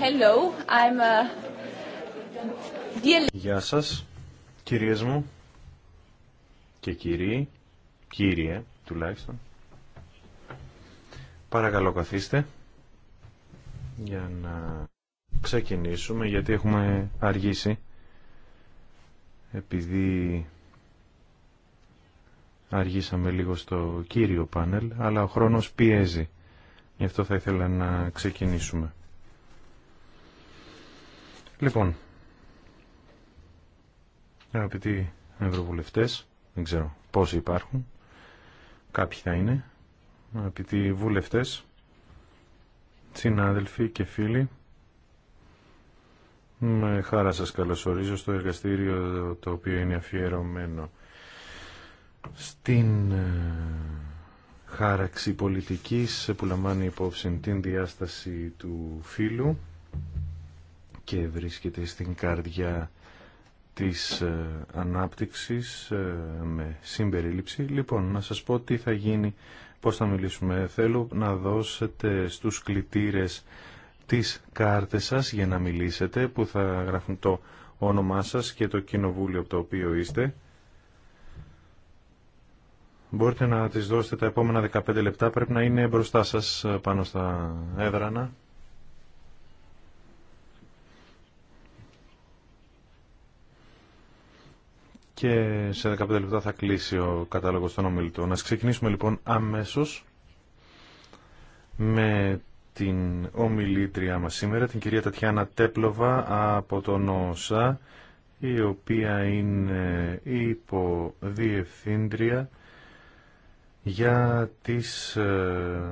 Hello, I'm uh, a... Γεια σας, κυρίες μου και κύριοι, κύριε τουλάχιστον. Παρακαλώ καθίστε για να ξεκινήσουμε γιατί έχουμε αργήσει επειδή αργήσαμε λίγο στο κύριο πάνελ αλλά ο χρόνος πιέζει γι' αυτό θα ήθελα να ξεκινήσουμε. Λοιπόν, αγαπητοί ευρωβουλευτές, δεν ξέρω πόσοι υπάρχουν, κάποιοι θα είναι, αγαπητοί βουλευτές, συνάδελφοι και φίλοι, με χάρα σας καλωσορίζω στο εργαστήριο το οποίο είναι αφιερωμένο στην ε, χάραξη πολιτικής που λαμβάνει υπόψη την διάσταση του φίλου και βρίσκεται στην καρδιά της ε, ανάπτυξης ε, με συμπερίληψη. Λοιπόν, να σας πω τι θα γίνει, πώς θα μιλήσουμε. Θέλω να δώσετε στους κλητήρες τις κάρτες σας για να μιλήσετε που θα γράφουν το όνομά σας και το κοινοβούλιο από το οποίο είστε. Μπορείτε να τις δώσετε τα επόμενα 15 λεπτά, πρέπει να είναι μπροστά σας ε, πάνω στα έδρανα. και σε 15 λεπτά θα κλείσει ο κατάλογος των ομιλητών. Να ξεκινήσουμε λοιπόν αμέσως με την ομιλήτριά μας σήμερα, την κυρία Τατιάνα Τέπλοβα από τον ΩΣΑ, η οποία είναι υποδιευθύντρια για τις ε,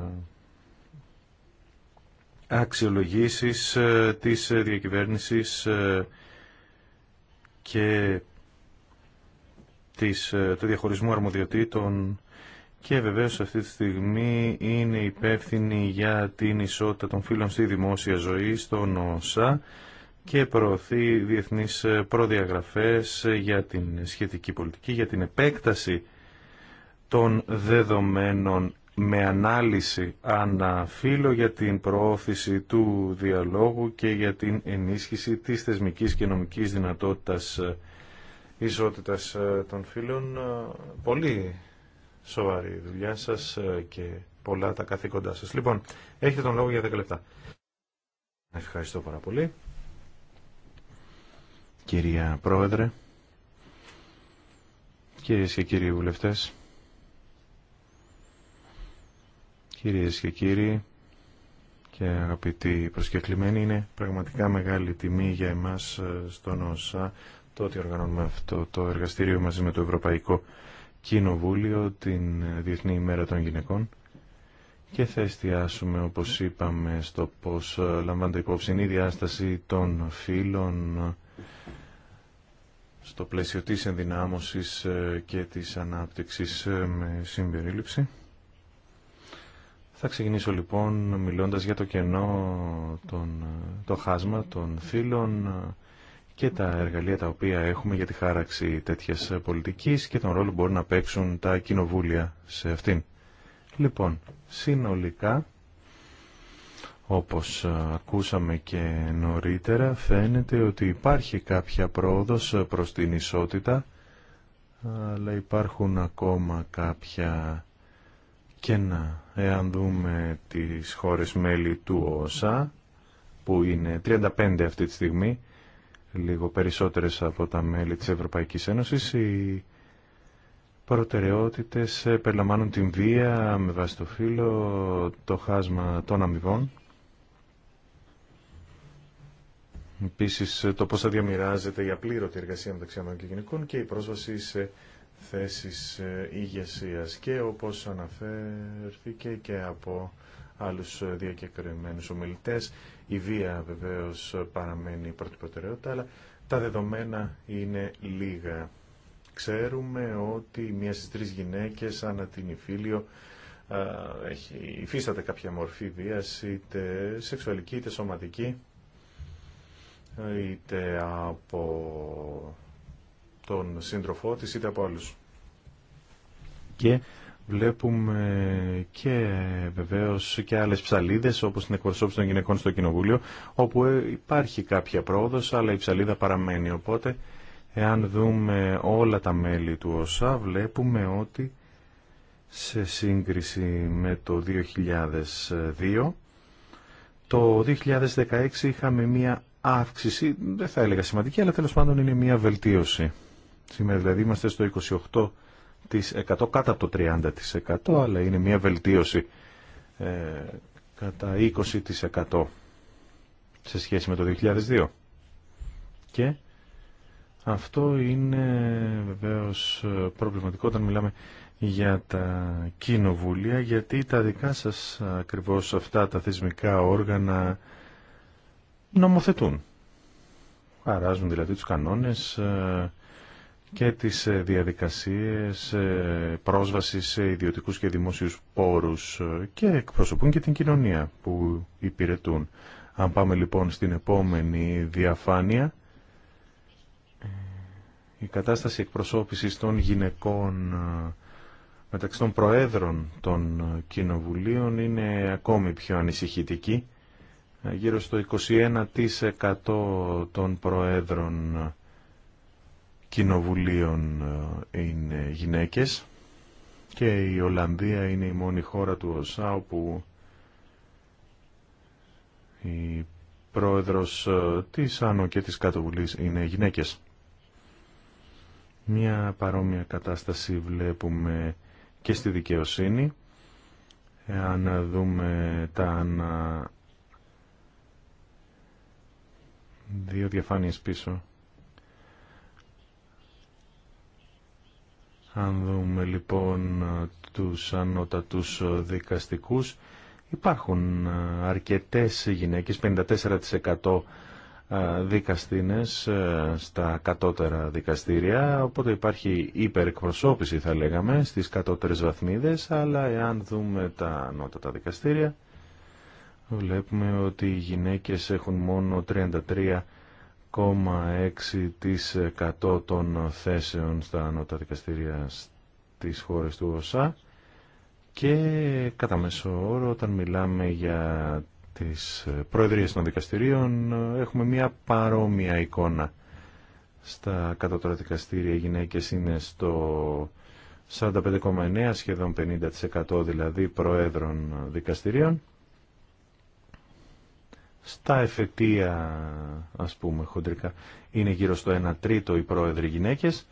αξιολογήσεις ε, της ε, διακυβέρνησης και της, ε, του διαχωρισμού αρμοδιοτήτων και βεβαίω αυτή τη στιγμή είναι υπεύθυνη για την ισότητα των φύλων στη δημόσια ζωή, στον ΩΣΑ και προωθεί διεθνείς ε, προδιαγραφές για την σχετική πολιτική, για την επέκταση των δεδομένων με ανάλυση αναφύλο για την προώθηση του διαλόγου και για την ενίσχυση της θεσμικής και νομικής δυνατότητας ε, ισότητας ε, των φίλων. Ε, πολύ σοβαρή η δουλειά σας ε, και πολλά τα καθήκοντά σας. Λοιπόν, έχετε τον λόγο για 10 λεπτά. Ευχαριστώ πάρα πολύ. Κυρία Πρόεδρε, κυρίες και κύριοι βουλευτές, κυρίες και κύριοι και αγαπητοί προσκεκλημένοι, είναι πραγματικά μεγάλη τιμή για εμάς στον ΩΣΑ το ότι οργανώνουμε αυτό το εργαστήριο μαζί με το Ευρωπαϊκό Κοινοβούλιο την Διεθνή ημέρα των γυναικών και θα εστιάσουμε όπως είπαμε στο πως ε, λαμβάνεται υπόψη η διάσταση των φύλων ε, στο πλαίσιο της ενδυνάμωσης ε, και της ανάπτυξης με συμπερίληψη. Θα ξεκινήσω λοιπόν μιλώντας για το κενό, τον, το χάσμα των φύλων και τα εργαλεία τα οποία έχουμε για τη χάραξη τέτοιας πολιτικής και τον ρόλο που μπορούν να παίξουν τα κοινοβούλια σε αυτήν. Λοιπόν, συνολικά, όπως ε, ακούσαμε και νωρίτερα, φαίνεται ότι υπάρχει κάποια πρόοδος ε, προς την ισότητα, αλλά υπάρχουν ακόμα κάποια κένα. Εάν δούμε τις χώρες μέλη του ΩΣΑ, που είναι 35 αυτή τη στιγμή, λίγο περισσότερες από τα μέλη της Ευρωπαϊκής Ένωσης. Οι προτεραιότητες περιλαμβάνουν την βία με βάση το φύλλο, το χάσμα των αμοιβών. Επίση, το πώς θα διαμοιράζεται η απλήρωτη εργασία μεταξύ ανδρών και γυναικών και η πρόσβαση σε θέσεις ε, ηγεσία και όπως αναφέρθηκε και από άλλους ε, διακεκριμένους ομιλητές η βία βεβαίως παραμένει η πρώτη προτεραιότητα, αλλά τα δεδομένα είναι λίγα. Ξέρουμε ότι μία στι τρει γυναίκες ανά την υφήλιο έχει, υφίσταται κάποια μορφή βία, είτε σεξουαλική είτε σωματική, είτε από τον σύντροφό τη είτε από άλλους. Και Βλέπουμε και βεβαίως και άλλες ψαλίδες όπως την εκπροσώπηση των γυναικών στο Κοινοβούλιο όπου ε, υπάρχει κάποια πρόοδος αλλά η ψαλίδα παραμένει. Οπότε εάν δούμε όλα τα μέλη του ΩΣΑ βλέπουμε ότι σε σύγκριση με το 2002 το 2016 είχαμε μία αύξηση, δεν θα έλεγα σημαντική αλλά τέλος πάντων είναι μία βελτίωση. Σήμερα δηλαδή είμαστε στο 28% 100, κάτω από το 30% αλλά είναι μια βελτίωση ε, κατά 20% σε σχέση με το 2002. Και αυτό είναι βεβαίως ε, προβληματικό όταν μιλάμε για τα κοινοβούλια γιατί τα δικά σας ε, ακριβώς αυτά τα θεσμικά όργανα νομοθετούν. Χαράζουν δηλαδή τους κανόνες ε, και τις ε, διαδικασίες ε, πρόσβασης σε ιδιωτικούς και δημόσιους πόρους ε, και εκπροσωπούν και την κοινωνία που υπηρετούν. Αν πάμε λοιπόν στην επόμενη διαφάνεια, η κατάσταση εκπροσώπησης των γυναικών μεταξύ των προέδρων των κοινοβουλίων είναι ακόμη πιο ανησυχητική. Γύρω στο 21% των προέδρων κοινοβουλίων ε, είναι γυναίκες και η Ολλανδία είναι η μόνη χώρα του ΩΣΑ όπου η πρόεδρος ε, της Άνω και της Κατοβουλής είναι γυναίκες. Μια παρόμοια κατάσταση βλέπουμε και στη δικαιοσύνη. Αν δούμε τα δύο διαφάνειες πίσω Αν δούμε λοιπόν τους ανώτατους δικαστικούς, υπάρχουν ε, αρκετές γυναίκες, 54% ε, δικαστίνες ε, στα κατώτερα δικαστήρια, οπότε υπάρχει υπερεκπροσώπηση θα λέγαμε στις κατώτερες βαθμίδες, αλλά εάν δούμε τα ανώτατα δικαστήρια, βλέπουμε ότι οι γυναίκες έχουν μόνο 33% 0,6% των θέσεων στα ανώτατα δικαστήρια της χώρας του ΩΣΑ και κατά μέσο όρο όταν μιλάμε για τις προεδρίες των δικαστηρίων έχουμε μια παρόμοια εικόνα. Στα κατώτερα δικαστήρια οι γυναίκες είναι στο 45,9 σχεδόν 50% δηλαδή προέδρων δικαστηρίων στα εφετεία, ας πούμε, χοντρικά, είναι γύρω στο 1 τρίτο οι πρόεδροι γυναίκες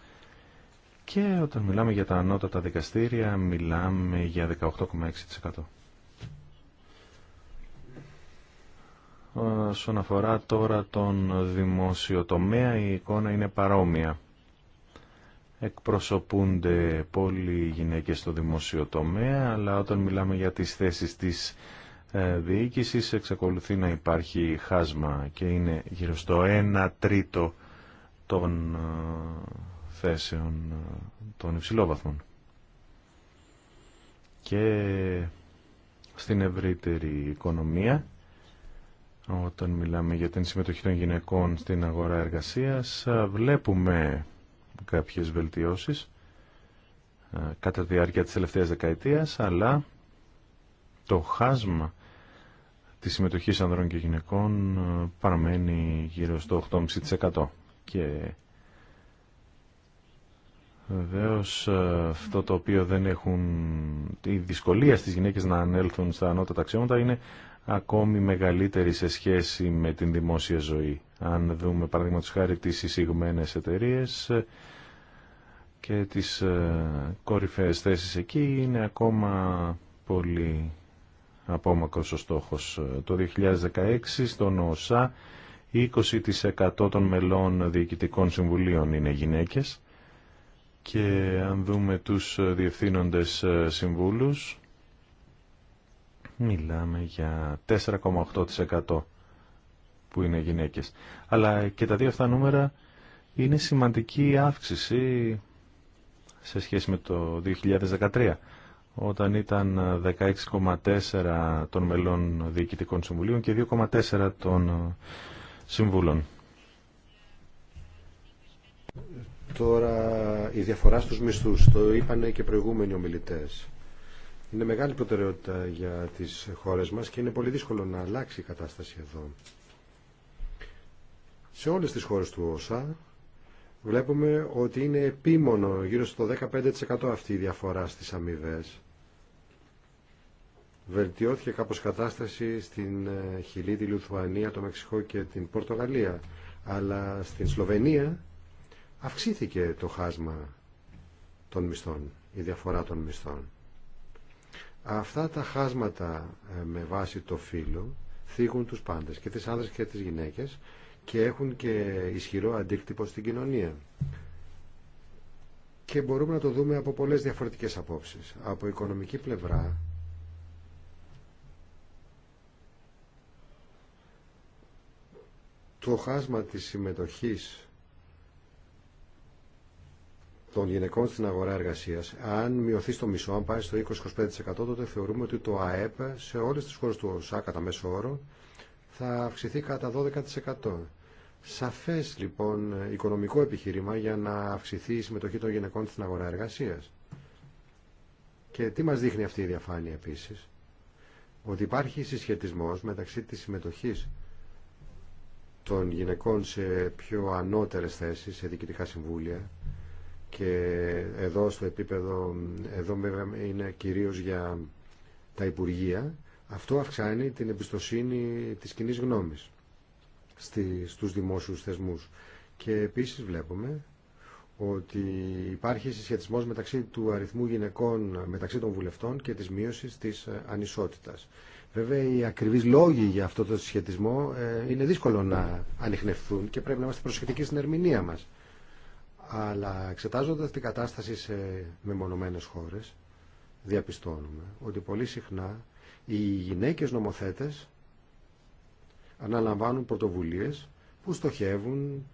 και όταν μιλάμε για τα ανώτατα δικαστήρια μιλάμε για 18,6%. Όσον αφορά τώρα τον δημόσιο τομέα, η εικόνα είναι παρόμοια. Εκπροσωπούνται πολλοί γυναίκες στο δημόσιο τομέα, αλλά όταν μιλάμε για τις θέσεις της ε, Διοίκηση εξακολουθεί να υπάρχει χάσμα και είναι γύρω στο 1 τρίτο των ε, θέσεων ε, των υψηλόβαθμων. Και στην ευρύτερη οικονομία όταν μιλάμε για την συμμετοχή των γυναικών στην αγορά εργασίας βλέπουμε κάποιες βελτιώσεις κατά τη διάρκεια της τελευταίας δεκαετίας αλλά το χάσμα Τη συμμετοχή ανδρών και γυναικών ε, παραμένει γύρω στο 8,5% και Βεβαίω ε, αυτό το οποίο δεν έχουν η δυσκολία στις γυναίκες να ανέλθουν στα ανώτατα αξιώματα είναι ακόμη μεγαλύτερη σε σχέση με την δημόσια ζωή. Αν δούμε παραδείγματος χάρη τις εισηγμένες εταιρείε ε, και τις κορυφαίες θέσεις εκεί είναι ακόμα πολύ απόμακρος ο στόχος. Το 2016 στον ΟΣΑ 20% των μελών διοικητικών συμβουλίων είναι γυναίκες και αν δούμε τους διευθύνοντες συμβούλους μιλάμε για 4,8% που είναι γυναίκες. Αλλά και τα δύο αυτά νούμερα είναι σημαντική αύξηση σε σχέση με το 2013 όταν ήταν 16,4 των μελών διοικητικών συμβουλίων και 2,4 των ε, συμβούλων. Τώρα η διαφορά στους μισθούς, το είπανε και προηγούμενοι ομιλητές. Είναι μεγάλη προτεραιότητα για τις χώρες μας και είναι πολύ δύσκολο να αλλάξει η κατάσταση εδώ. Σε όλες τις χώρες του ΩΣΑ βλέπουμε ότι είναι επίμονο γύρω στο 15% αυτή η διαφορά στις αμοιβέ. Βελτιώθηκε κάπως κατάσταση στην ε, Χιλή, τη Λουθουανία, το Μεξικό και την Πορτογαλία. Αλλά στην Σλοβενία αυξήθηκε το χάσμα των μισθών, η διαφορά των μισθών. Αυτά τα χάσματα ε, με βάση το φύλλο θίγουν τους πάντες, και τις άνδρες και τις γυναίκες, και έχουν και ισχυρό αντίκτυπο στην κοινωνία. Και μπορούμε να το δούμε από πολλές διαφορετικές απόψεις. Από οικονομική πλευρά το χάσμα της συμμετοχής των γυναικών στην αγορά εργασίας, αν μειωθεί στο μισό, αν πάει στο 20-25% τότε θεωρούμε ότι το ΑΕΠ σε όλες τις χώρες του ΩΣΑ κατά μέσο όρο θα αυξηθεί κατά 12%. Σαφές λοιπόν οικονομικό επιχείρημα για να αυξηθεί η συμμετοχή των γυναικών στην αγορά εργασίας. Και τι μας δείχνει αυτή η διαφάνεια επίσης. Ότι υπάρχει συσχετισμός μεταξύ της συμμετοχής των γυναικών σε πιο ανώτερες θέσεις, σε διοικητικά συμβούλια και εδώ στο επίπεδο, εδώ είναι κυρίως για τα Υπουργεία αυτό αυξάνει την εμπιστοσύνη της κοινή γνώμης στους δημόσιους θεσμούς. Και επίσης βλέπουμε ότι υπάρχει συσχετισμός μεταξύ του αριθμού γυναικών μεταξύ των βουλευτών και της μείωσης της ε, ανισότητας. Βέβαια, οι ακριβείς λόγοι για αυτό το συσχετισμό ε, είναι δύσκολο να ανοιχνευθούν και πρέπει να είμαστε προσεκτικοί στην ερμηνεία μας. Αλλά εξετάζοντας την κατάσταση σε μεμονωμένες χώρες, διαπιστώνουμε ότι πολύ συχνά οι γυναίκες νομοθέτες αναλαμβάνουν πρωτοβουλίες που στοχεύουν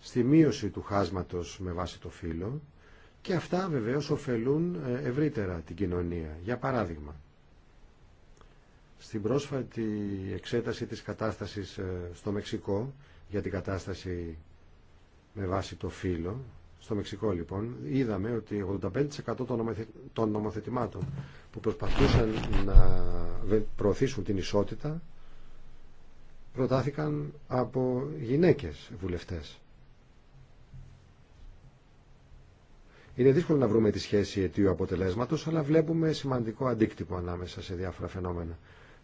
στη μείωση του χάσματος με βάση το φύλλο και αυτά βεβαίως ωφελούν ε, ευρύτερα την κοινωνία. Για παράδειγμα, στην πρόσφατη εξέταση της κατάστασης ε, στο Μεξικό για την κατάσταση με βάση το φύλλο στο Μεξικό λοιπόν είδαμε ότι 85% των νομοθετημάτων που προσπαθούσαν να προωθήσουν την ισότητα προτάθηκαν από γυναίκες βουλευτές. Είναι δύσκολο να βρούμε τη σχέση αιτίου αποτελέσματος, αλλά βλέπουμε σημαντικό αντίκτυπο ανάμεσα σε διάφορα φαινόμενα.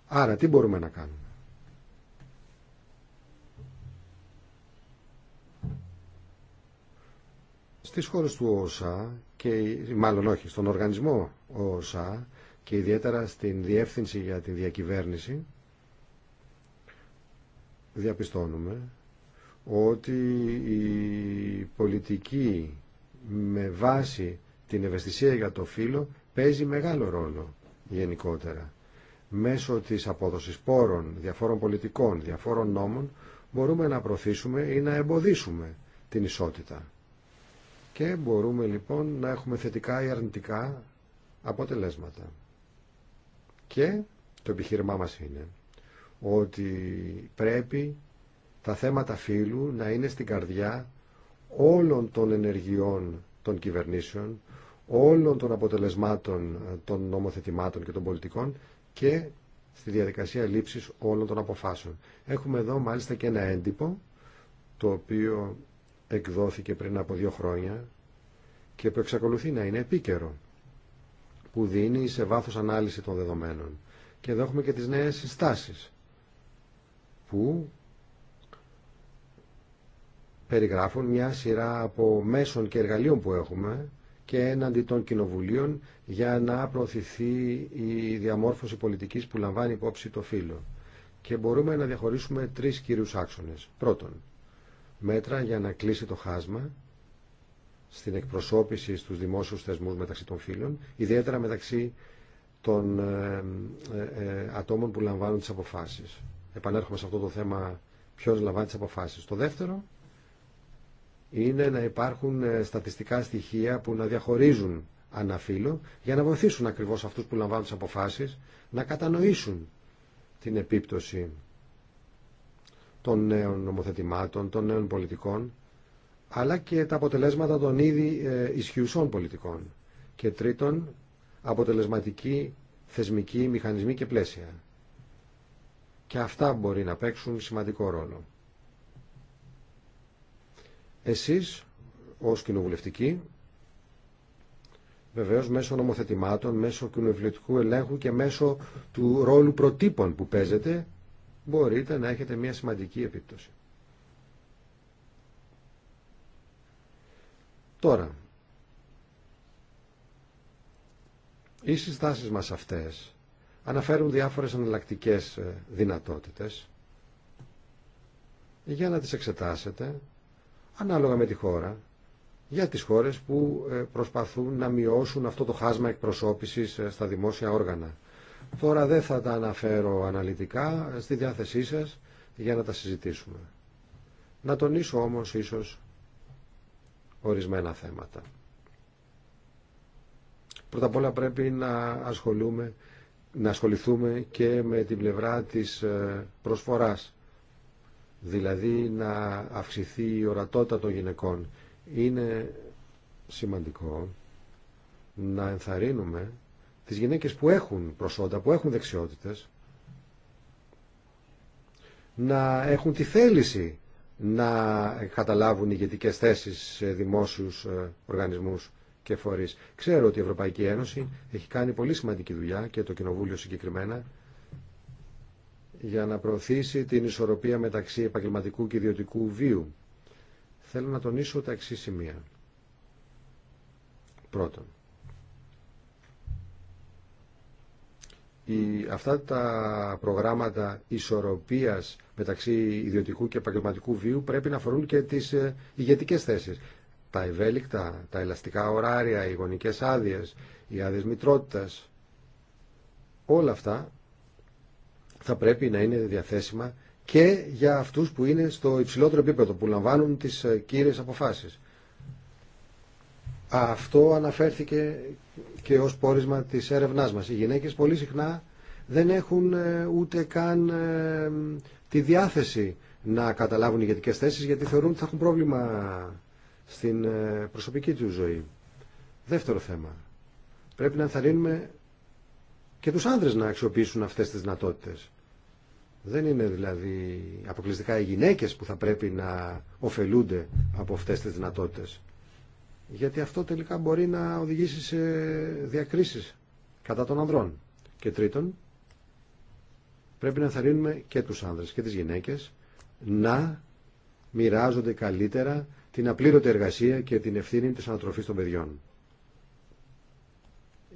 Άρα τι μπορούμε να κάνουμε. στις χώρες του ΟΣΑ και μάλλον όχι, στον οργανισμό ΟΣΑ και ιδιαίτερα στην διεύθυνση για τη διακυβέρνηση διαπιστώνουμε ότι η πολιτική με βάση την ευαισθησία για το φύλλο παίζει μεγάλο ρόλο γενικότερα. Μέσω της απόδοσης πόρων, διαφόρων πολιτικών, διαφόρων νόμων μπορούμε να προωθήσουμε ή να εμποδίσουμε την ισότητα και μπορούμε λοιπόν να έχουμε θετικά ή αρνητικά αποτελέσματα. Και το επιχείρημά μας είναι ότι πρέπει τα θέματα φύλου να είναι στην καρδιά όλων των ενεργειών των κυβερνήσεων, όλων των αποτελεσμάτων των νομοθετημάτων και των πολιτικών και στη διαδικασία λήψης όλων των αποφάσεων. Έχουμε εδώ μάλιστα και ένα έντυπο το οποίο εκδόθηκε πριν από δύο χρόνια και που εξακολουθεί να είναι επίκαιρο, που δίνει σε βάθος ανάλυση των δεδομένων. Και εδώ έχουμε και τις νέες συστάσεις, που περιγράφουν μια σειρά από μέσων και εργαλείων που έχουμε και έναντι των κοινοβουλίων για να προωθηθεί η διαμόρφωση πολιτικής που λαμβάνει υπόψη το φύλλο. Και μπορούμε να διαχωρίσουμε τρεις κύριους άξονες. Πρώτον, μέτρα για να κλείσει το χάσμα στην εκπροσώπηση στους δημόσιους θεσμούς μεταξύ των φίλων, ιδιαίτερα μεταξύ των ε, ε, ε, ατόμων που λαμβάνουν τις αποφάσεις. Επανέρχομαι σε αυτό το θέμα ποιος λαμβάνει τις αποφάσεις. Το δεύτερο είναι να υπάρχουν στατιστικά στοιχεία που να διαχωρίζουν αναφύλο για να βοηθήσουν ακριβώς αυτούς που λαμβάνουν τις αποφάσεις να κατανοήσουν την επίπτωση των νέων νομοθετημάτων, των νέων πολιτικών, αλλά και τα αποτελέσματα των ήδη ε, ισχυουσών πολιτικών. Και τρίτον, αποτελεσματικοί θεσμικοί μηχανισμοί και πλαίσια. Και αυτά μπορεί να παίξουν σημαντικό ρόλο. Εσείς, ως κοινοβουλευτικοί, βεβαίως μέσω νομοθετημάτων, μέσω κοινοβουλευτικού ελέγχου και μέσω του ρόλου προτύπων που παίζετε, μπορείτε να έχετε μια σημαντική επίπτωση. Τώρα, οι συστάσεις μας αυτές αναφέρουν διάφορες εναλλακτικέ ε, δυνατότητες για να τις εξετάσετε ανάλογα με τη χώρα για τις χώρες που ε, προσπαθούν να μειώσουν αυτό το χάσμα εκπροσώπησης ε, στα δημόσια όργανα. Τώρα δεν θα τα αναφέρω αναλυτικά, στη διάθεσή σας για να τα συζητήσουμε. Να τονίσω όμως ίσως ορισμένα θέματα. Πρώτα απ' όλα πρέπει να, ασχολούμε, να ασχοληθούμε και με την πλευρά της ε, προσφοράς, δηλαδή να αυξηθεί η ορατότητα των γυναικών. Είναι σημαντικό να ενθαρρύνουμε τις γυναίκες που έχουν προσόντα, που έχουν δεξιότητες, να έχουν τη θέληση να καταλάβουν ηγετικές θέσεις σε δημόσιους ε, οργανισμούς και φορείς. Ξέρω ότι η Ευρωπαϊκή Ένωση έχει κάνει πολύ σημαντική δουλειά και το Κοινοβούλιο συγκεκριμένα για να προωθήσει την ισορροπία μεταξύ επαγγελματικού και ιδιωτικού βίου. Θέλω να τονίσω τα εξή σημεία. Πρώτον, η, αυτά τα προγράμματα ισορροπίας μεταξύ ιδιωτικού και επαγγελματικού βίου πρέπει να αφορούν και τις ε, ηγετικέ θέσεις. Τα ευέλικτα, τα ελαστικά ωράρια, οι γονικές άδειες, οι άδειες μητρότητας, όλα αυτά θα πρέπει να είναι διαθέσιμα και για αυτούς που είναι στο υψηλότερο επίπεδο, που λαμβάνουν τις ε, κύριες αποφάσεις. Αυτό αναφέρθηκε και ως πόρισμα της έρευνάς μας. Οι γυναίκες πολύ δεν έχουν ε, ούτε καν ε, τη διάθεση να καταλάβουν ηγετικές θέσεις γιατί θεωρούν ότι θα έχουν πρόβλημα στην ε, προσωπική τους ζωή. Δεύτερο θέμα. Πρέπει να ενθαρρύνουμε και τους άνδρες να αξιοποιήσουν αυτές τις δυνατότητες. Δεν είναι δηλαδή αποκλειστικά οι γυναίκες που θα πρέπει να ωφελούνται από αυτές τις δυνατότητες. Γιατί αυτό τελικά μπορεί να οδηγήσει σε διακρίσεις κατά των ανδρών. Και τρίτον, Πρέπει να θαρρύνουμε και τους άνδρες και τις γυναίκες να μοιράζονται καλύτερα την απλήρωτη εργασία και την ευθύνη της ανατροφής των παιδιών.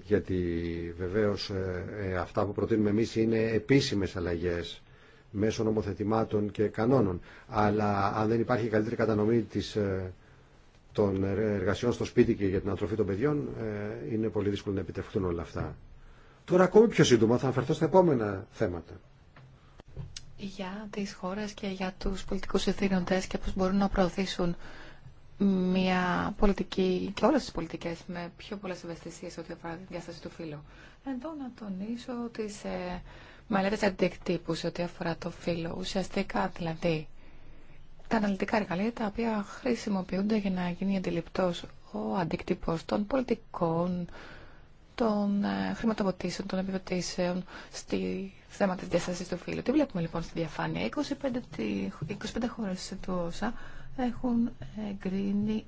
Γιατί βεβαίως ε, ε, αυτά που προτείνουμε εμείς είναι επίσημες αλλαγές μέσω νομοθετημάτων και κανόνων. Αλλά αν δεν υπάρχει καλύτερη κατανομή της, ε, των εργασιών στο σπίτι και για την ανατροφή των παιδιών, είναι πολύ δύσκολο να επιτευχθούν όλα αυτά. Τώρα ακόμη πιο σύντομα θα αναφερθώ στα επόμενα θέματα για τις χώρες και για τους πολιτικούς ευθύνοντες και πώς μπορούν να προωθήσουν μια πολιτική και όλες τις πολιτικές με πιο πολλές ευαισθησίες ό,τι αφορά τη διάσταση του φύλου. Εδώ να τονίσω τις ε, μελέτες αντικτύπου ό,τι αφορά το φύλο. Ουσιαστικά δηλαδή τα αναλυτικά εργαλεία τα οποία χρησιμοποιούνται για να γίνει αντιληπτό ο αντικτύπο των πολιτικών, των ε, των επιδοτήσεων στη θέμα τη διαστασία του φύλου. Τι βλέπουμε λοιπόν στη διαφάνεια. 25, 25 χώρες του ΩΣΑ έχουν εγκρίνει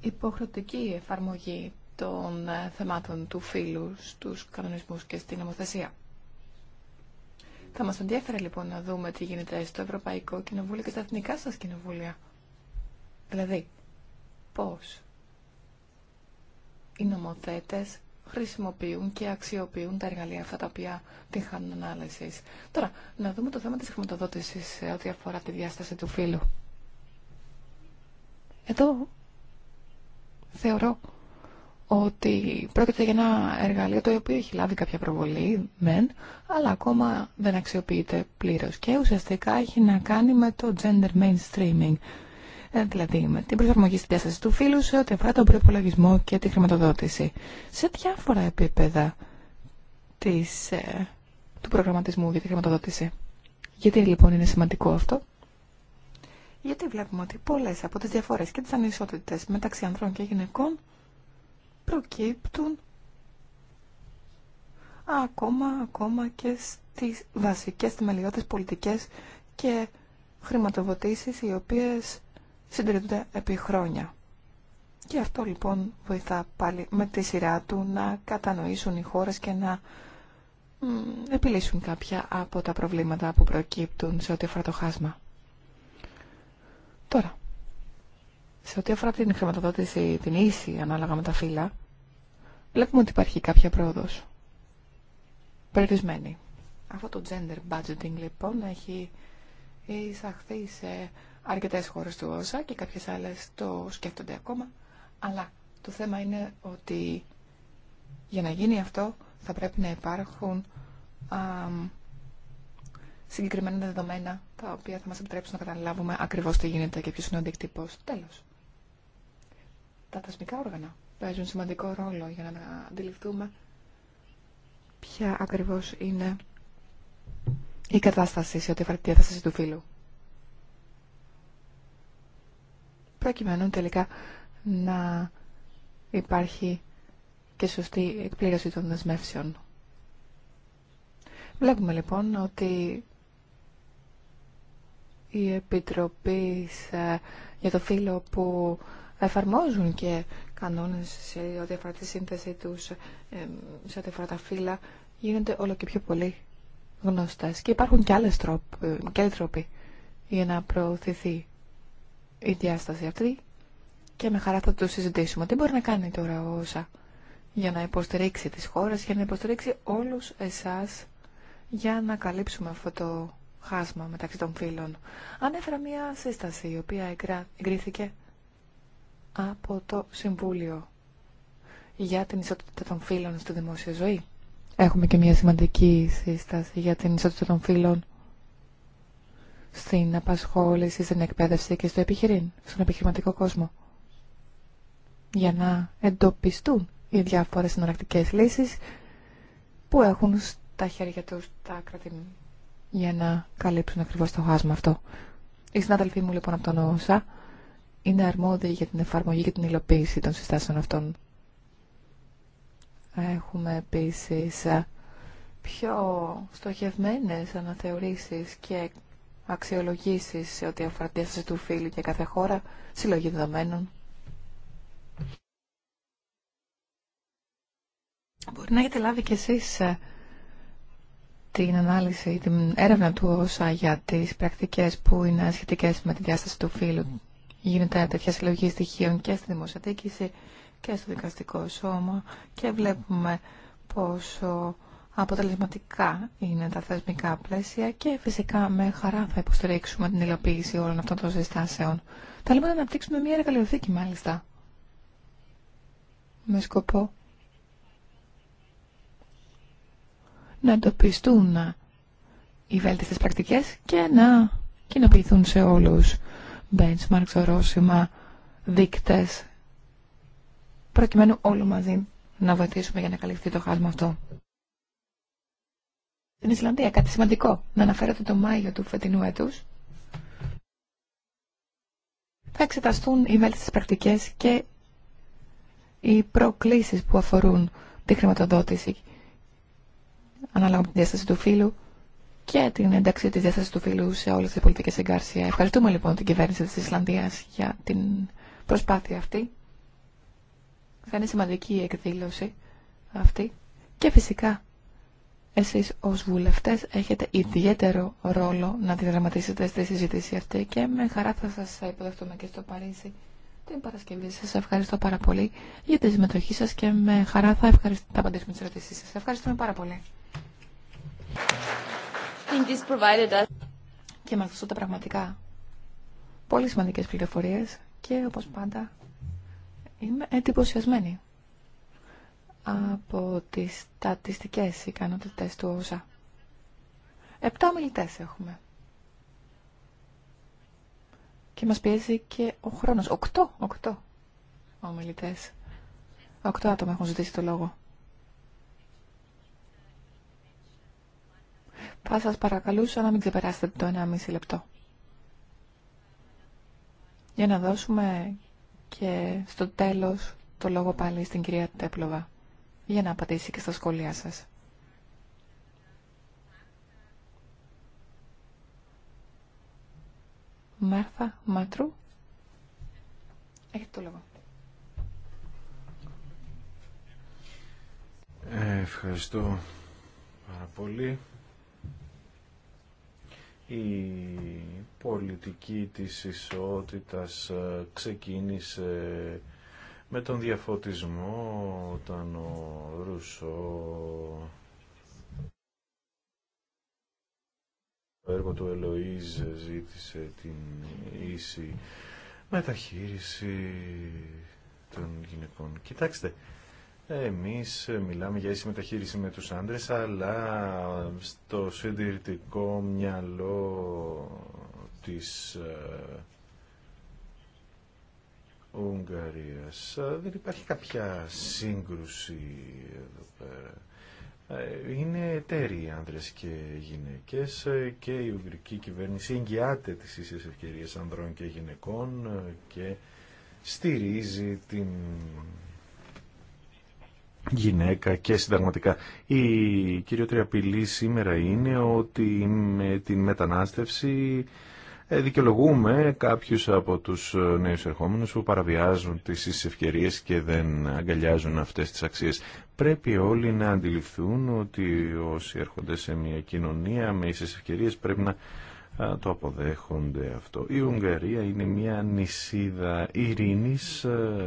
υποχρεωτική εφαρμογή των ε, θεμάτων του φύλου στους κανονισμούς και στην νομοθεσία. Θα μας ενδιαφέρει λοιπόν να δούμε τι γίνεται στο Ευρωπαϊκό Κοινοβούλιο και στα εθνικά σας κοινοβούλια. Δηλαδή, πώς οι νομοθέτες χρησιμοποιούν και αξιοποιούν τα εργαλεία αυτά τα οποία την ανάλυση. Τώρα, να δούμε το θέμα της χρηματοδότησης σε ό,τι αφορά τη διάσταση του φύλου. Εδώ θεωρώ ότι πρόκειται για ένα εργαλείο το οποίο έχει λάβει κάποια προβολή, μεν, αλλά ακόμα δεν αξιοποιείται πλήρως και ουσιαστικά έχει να κάνει με το gender mainstreaming, ε, δηλαδή με την προσαρμογή στη διάσταση του φύλου σε ό,τι αφορά τον προπολογισμό και τη χρηματοδότηση. Σε διάφορα επίπεδα της, ε, του προγραμματισμού για τη χρηματοδότηση. Γιατί λοιπόν είναι σημαντικό αυτό. Γιατί βλέπουμε ότι πολλές από τις διαφορές και τις ανισότητες μεταξύ ανδρών και γυναικών προκύπτουν ακόμα, ακόμα και στις βασικές θεμελιώδεις πολιτικές και χρηματοδοτήσεις οι οποίες συντηρητούνται επί χρόνια. Και αυτό λοιπόν βοηθά πάλι με τη σειρά του να κατανοήσουν οι χώρες και να επιλύσουν κάποια από τα προβλήματα που προκύπτουν σε ό,τι αφορά το χάσμα. Τώρα, σε ό,τι αφορά την χρηματοδότηση, την ίση ανάλογα με τα φύλλα, βλέπουμε ότι υπάρχει κάποια πρόοδος. Περιορισμένη. Αυτό το gender budgeting λοιπόν έχει εισαχθεί σε Αρκετές χώρες του ΩΣΑ και κάποιες άλλες το σκέφτονται ακόμα, αλλά το θέμα είναι ότι για να γίνει αυτό θα πρέπει να υπάρχουν συγκεκριμένα δεδομένα τα οποία θα μας επιτρέψουν να καταλάβουμε ακριβώς τι γίνεται και ποιος είναι ο αντικτύπος. Τέλος. Τα θεσμικά όργανα παίζουν σημαντικό ρόλο για να αντιληφθούμε ποια ακριβώς είναι η κατάσταση σε ό,τι αφορά τη διάθεση του φύλου. προκειμένου τελικά να υπάρχει και σωστή εκπλήρωση των δεσμεύσεων. Βλέπουμε λοιπόν ότι η Επιτροπή ε, για το φύλλο που εφαρμόζουν και κανόνες σε ό,τι αφορά τη σύνθεση τους, ε, σε ό,τι αφορά τα φύλλα, γίνονται όλο και πιο πολύ γνωστές. Και υπάρχουν και, άλλες ε, και άλλοι τρόποι για να προωθηθεί η διάσταση αυτή και με χαρά θα το συζητήσουμε. Τι μπορεί να κάνει τώρα όσα για να υποστηρίξει τις χώρες, για να υποστηρίξει όλους εσάς για να καλύψουμε αυτό το χάσμα μεταξύ των φίλων. Ανέφερα μια σύσταση η οποία εγκρίθηκε από το Συμβούλιο για την ισότητα των φίλων στη δημόσια ζωή. Έχουμε και μια σημαντική σύσταση για την ισότητα των φίλων στην απασχόληση, στην εκπαίδευση και στο επιχειρήν, στον επιχειρηματικό κόσμο. Για να εντοπιστούν οι διάφορες συναλλακτικές λύσεις που έχουν στα χέρια τους τα κράτη για να καλύψουν ακριβώς το χάσμα αυτό. Οι συνάδελφοί μου λοιπόν από τον ΩΣΑ είναι αρμόδιοι για την εφαρμογή και την υλοποίηση των συστάσεων αυτών. Έχουμε επίσης πιο στοχευμένες αναθεωρήσεις και αξιολογήσεις σε ό,τι αφορά τη διάσταση του φύλου για κάθε χώρα, συλλογή δεδομένων. Μπορεί να έχετε λάβει κι εσείς ε, την ανάλυση, την έρευνα του ΩΣΑ για τις πρακτικές που είναι σχετικές με τη διάσταση του φύλου. Γίνεται τέτοια συλλογή στοιχείων και στη δημοσιοδίκηση και στο δικαστικό σώμα και βλέπουμε πόσο αποτελεσματικά είναι τα θεσμικά πλαίσια και φυσικά με χαρά θα υποστηρίξουμε την υλοποίηση όλων αυτών των συστάσεων. λέμε να αναπτύξουμε μια εργαλειοθήκη μάλιστα. Με σκοπό να εντοπιστούν οι βέλτιστες πρακτικές και να κοινοποιηθούν σε όλους benchmarks, ορόσημα, δείκτες, προκειμένου όλοι μαζί να βοηθήσουμε για να καλυφθεί το χάσμα αυτό στην Ισλανδία. Κάτι σημαντικό να αναφέρεται το Μάιο του φετινού έτου. Θα εξεταστούν οι βέλτιστες πρακτικέ και οι προκλήσει που αφορούν τη χρηματοδότηση ανάλογα με τη διάσταση του φύλου και την ένταξη τη διάσταση του φύλου σε όλε τι πολιτικέ εγκάρσια. Ευχαριστούμε λοιπόν την κυβέρνηση τη Ισλανδία για την προσπάθεια αυτή. Θα είναι σημαντική η εκδήλωση αυτή και φυσικά εσείς ως βουλευτές έχετε ιδιαίτερο ρόλο να διδραματίσετε στη συζήτηση αυτή και με χαρά θα σας υποδεχτούμε και στο Παρίσι την Παρασκευή. Σας ευχαριστώ πάρα πολύ για τη συμμετοχή σας και με χαρά θα, ευχαριστώ, θα απαντήσουμε τις ερωτήσεις σας. Ευχαριστούμε πάρα πολύ. Και μας δώσατε πραγματικά πολύ σημαντικές πληροφορίες και όπως πάντα είμαι εντυπωσιασμένη από τις στατιστικές ικανότητες του ΩΣΑ. Επτά ομιλητές έχουμε. Και μας πιέζει και ο χρόνος. Οκτώ, οκτώ ομιλητές. Οκτώ άτομα έχουν ζητήσει το λόγο. Θα σας παρακαλούσα να μην ξεπεράσετε το 1,5 λεπτό. Για να δώσουμε και στο τέλος το λόγο πάλι στην κυρία Τέπλοβα για να απαντήσει και στα σχόλιά σας. Μάρθα Μάτρου. Έχετε το λόγο. Ε, ευχαριστώ πάρα πολύ. Η πολιτική της ισότητας ε, ξεκίνησε με τον διαφωτισμό όταν ο Ρουσό το έργο του Ελοΐζ ζήτησε την ίση μεταχείριση των γυναικών. Κοιτάξτε, εμείς μιλάμε για ίση μεταχείριση με τους άντρες, αλλά στο συντηρητικό μυαλό της ε, Ουγγαρίας. Δεν υπάρχει κάποια σύγκρουση εδώ πέρα. Είναι εταίροι άνδρες και γυναίκες ε, και η Ουγγρική κυβέρνηση εγγυάται τις ίσες ευκαιρίες ανδρών και γυναικών ε, και στηρίζει την γυναίκα και συνταγματικά. Η κυριότερη απειλή σήμερα είναι ότι με την μετανάστευση ε, δικαιολογούμε κάποιου από του ε, νέου ερχόμενου που παραβιάζουν τι ίσε ευκαιρίε και δεν αγκαλιάζουν αυτέ τι αξίε. Πρέπει όλοι να αντιληφθούν ότι όσοι έρχονται σε μια κοινωνία με ίσε ευκαιρίε πρέπει να το αποδέχονται αυτό. Η Ουγγαρία είναι μια νησίδα ειρήνη ε,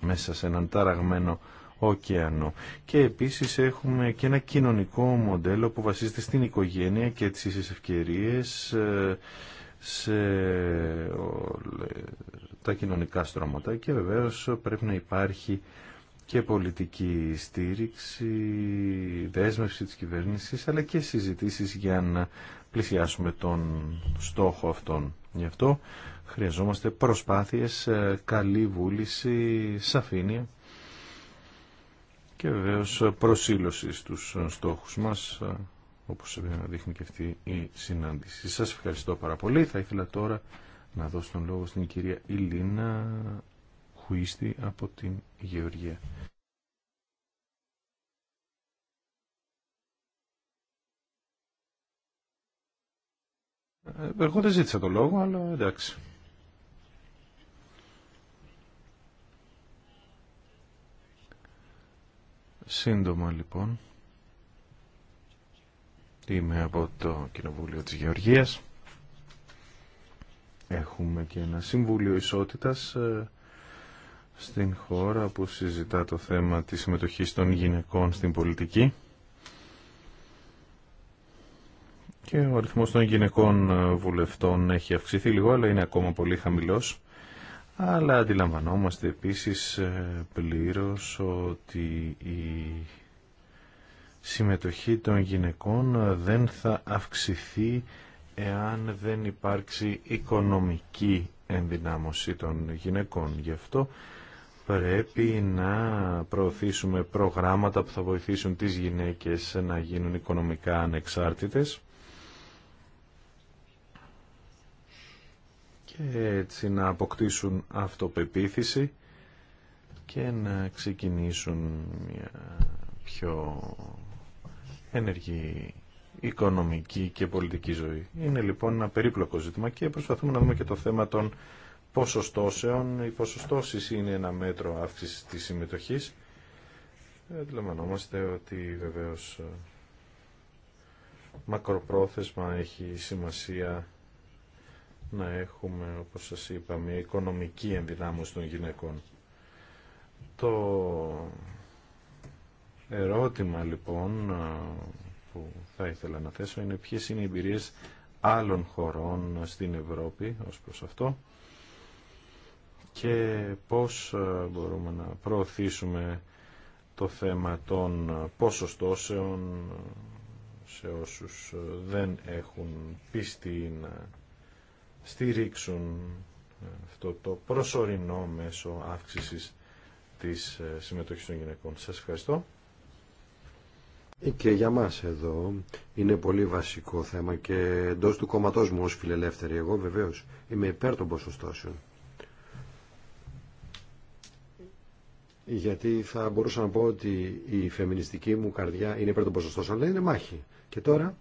μέσα σε έναν ταραγμένο ωκεανό. Και επίσης έχουμε και ένα κοινωνικό μοντέλο που βασίζεται στην οικογένεια και τις ίσες ευκαιρίες ε, σε τα κοινωνικά στρώματα και βεβαίως πρέπει να υπάρχει και πολιτική στήριξη, δέσμευση της κυβέρνησης, αλλά και συζητήσεις για να πλησιάσουμε τον στόχο αυτόν. Γι' αυτό χρειαζόμαστε προσπάθειες, ε, καλή βούληση, σαφήνεια και βεβαίω προσήλωση στους στόχους μας όπως δείχνει και αυτή η συνάντηση. Σας ευχαριστώ πάρα πολύ. Θα ήθελα τώρα να δώσω τον λόγο στην κυρία Ηλίνα Χουίστη από την Γεωργία. Ε, εγώ δεν ζήτησα το λόγο, αλλά εντάξει. Σύντομα λοιπόν είμαι από το Κοινοβούλιο της Γεωργίας έχουμε και ένα Συμβούλιο Ισότητας ε, στην χώρα που συζητά το θέμα της συμμετοχής των γυναικών στην πολιτική και ο αριθμός των γυναικών ε, βουλευτών έχει αυξηθεί λίγο αλλά είναι ακόμα πολύ χαμηλός αλλά αντιλαμβανόμαστε επίσης ε, πλήρως ότι η συμμετοχή των γυναικών δεν θα αυξηθεί εάν δεν υπάρξει οικονομική ενδυνάμωση των γυναικών. Γι' αυτό πρέπει να προωθήσουμε προγράμματα που θα βοηθήσουν τις γυναίκες να γίνουν οικονομικά ανεξάρτητες και έτσι να αποκτήσουν αυτοπεποίθηση και να ξεκινήσουν μια πιο ενεργή οικονομική και πολιτική ζωή. Είναι λοιπόν ένα περίπλοκο ζήτημα και προσπαθούμε να δούμε και το θέμα των ποσοστώσεων. Οι ποσοστώσεις είναι ένα μέτρο αύξησης της συμμετοχής. Αντιλαμβανόμαστε ότι βεβαίως μακροπρόθεσμα έχει σημασία να έχουμε, όπως σας είπα, μια οικονομική ενδυνάμωση των γυναικών. Το ερώτημα λοιπόν που θα ήθελα να θέσω είναι ποιες είναι οι εμπειρίες άλλων χωρών στην Ευρώπη ως προς αυτό και πώς μπορούμε να προωθήσουμε το θέμα των ποσοστώσεων σε όσους δεν έχουν πίστη να στηρίξουν αυτό το προσωρινό μέσο αύξησης της ε, συμμετοχής των γυναικών. Σας ευχαριστώ. Ε, και για μας εδώ είναι πολύ βασικό θέμα και εντό του κομματός μου ως φιλελεύθερη εγώ βεβαίως είμαι υπέρ των ποσοστώσεων. Γιατί θα μπορούσα να πω ότι η φεμινιστική μου καρδιά είναι υπέρ των ποσοστώσεων, αλλά είναι μάχη. Και τώρα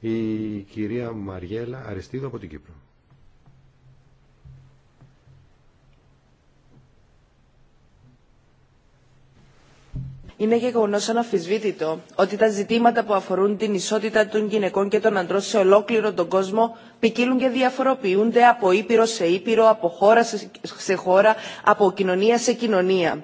η κυρία Μαριέλα Αριστίδο από την Κύπρο. Είναι γεγονός αναφυσβήτητο ότι τα ζητήματα που αφορούν την ισότητα των γυναικών και των αντρών σε ολόκληρο τον κόσμο ποικίλουν και διαφοροποιούνται από ήπειρο σε ήπειρο, από χώρα σε χώρα, από κοινωνία σε κοινωνία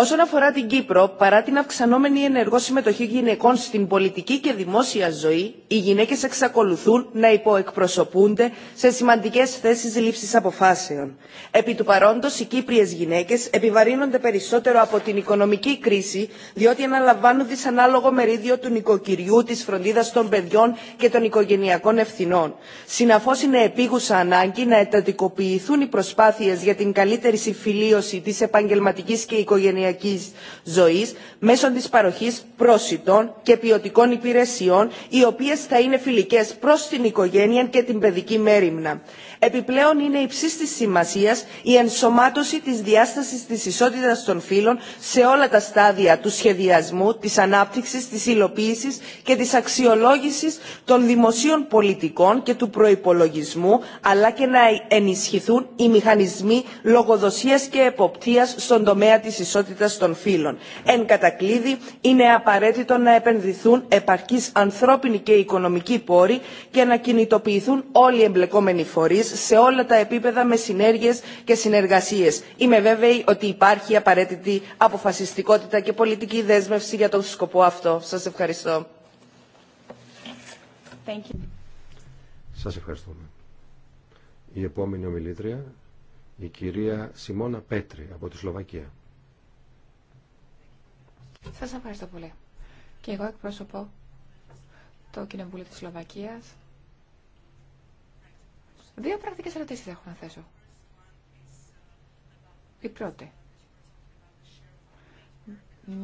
Όσον αφορά την Κύπρο, παρά την αυξανόμενη ενεργό συμμετοχή γυναικών στην πολιτική και δημόσια ζωή, οι γυναίκε εξακολουθούν να υποεκπροσωπούνται σε σημαντικέ θέσει λήψη αποφάσεων. Επί του παρόντο, οι Κύπριες γυναίκε επιβαρύνονται περισσότερο από την οικονομική κρίση, διότι αναλαμβάνουν δυσανάλογο μερίδιο του νοικοκυριού, τη φροντίδα των παιδιών και των οικογενειακών ευθυνών. Συναφώ είναι επίγουσα ανάγκη να εντατικοποιηθούν οι προσπάθειε για την καλύτερη συμφιλίωση τη επαγγελματική και οικογενειακή οικογενειακής ζωής μέσω της παροχή πρόσιτων και ποιοτικών υπηρεσιών οι οποίες θα είναι φιλικές προς την οικογένεια και την παιδική μέρημνα. Επιπλέον είναι υψίστη σημασία η ενσωμάτωση της διάστασης της ισότητας των φύλων σε όλα τα στάδια του σχεδιασμού, της ανάπτυξη, της υλοποίησης και της αξιολόγηση των δημοσίων πολιτικών και του προπολογισμού, αλλά και να ενισχυθούν οι μηχανισμοί λογοδοσίας και εποπτείας στον τομέα τη ισότητα των φύλων. Εν κατακλείδη, είναι απαραίτητο να επενδυθούν επαρκείς ανθρώπινοι και οικονομικοί πόροι και να κινητοποιηθούν όλοι οι εμπλεκόμενοι φορεί σε όλα τα επίπεδα με συνέργειες και συνεργασίες. Είμαι βέβαιη ότι υπάρχει απαραίτητη αποφασιστικότητα και πολιτική δέσμευση για τον σκοπό αυτό. Σας ευχαριστώ. Thank Σας ευχαριστούμε. Η επόμενη ομιλήτρια, η κυρία Σιμώνα Πέτρη από τη Σλοβακία. Σας ευχαριστώ πολύ. Και εγώ εκπρόσωπο το Κοινοβούλιο της Σλοβακίας Δύο πρακτικές ερωτήσεις έχω να θέσω. Η πρώτη.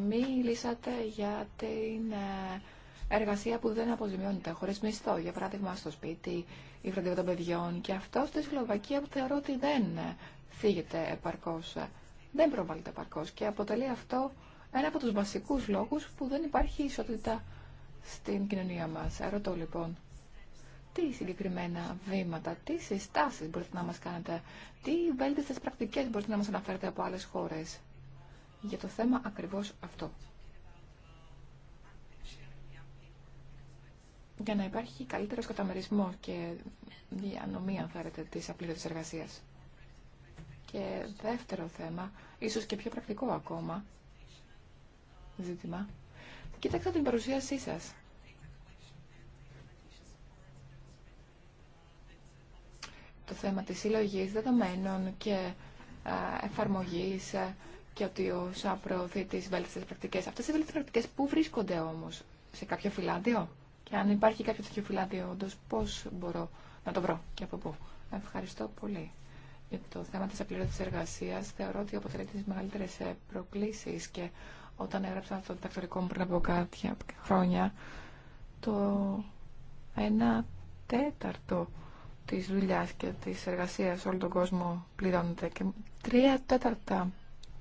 Μίλησατε για την ε, εργασία που δεν αποζημιώνεται, χωρίς μισθό, για παράδειγμα στο σπίτι, η φροντίδα των παιδιών και αυτό στη Σλοβακία που θεωρώ ότι δεν φύγεται ε, επαρκώς, ε, δεν προβάλλεται επαρκώς και αποτελεί αυτό ένα από τους βασικούς λόγους που δεν υπάρχει ισότητα στην κοινωνία μας. Ρωτώ λοιπόν, τι συγκεκριμένα βήματα, τι συστάσεις μπορείτε να μας κάνετε, τι βέλτιστες πρακτικές μπορείτε να μας αναφέρετε από άλλες χώρες για το θέμα ακριβώς αυτό. Για να υπάρχει καλύτερος καταμερισμός και διανομή, αν θέλετε, της απλήρωτης εργασίας. Και δεύτερο θέμα, ίσως και πιο πρακτικό ακόμα ζήτημα, κοιτάξτε την παρουσίασή σας το θέμα της συλλογή δεδομένων και εφαρμογής και ότι ο ΣΑΠ προωθεί τις βέλτιστες πρακτικές. Αυτές οι βέλτιστες πρακτικές πού βρίσκονται όμως, σε κάποιο φυλάδιο και αν υπάρχει κάποιο τέτοιο φυλάδιο όντω, πώς μπορώ να το βρω και από πού. Ευχαριστώ πολύ. Για το θέμα της απλήρωτης εργασίας θεωρώ ότι αποτελεί τις μεγαλύτερες ε, προκλήσεις και όταν έγραψα αυτό το διδακτορικό μου πριν από κάποια χρόνια το ένα τέταρτο της δουλειάς και της εργασίας όλο τον κόσμο πληρώνονται και τρία τέταρτα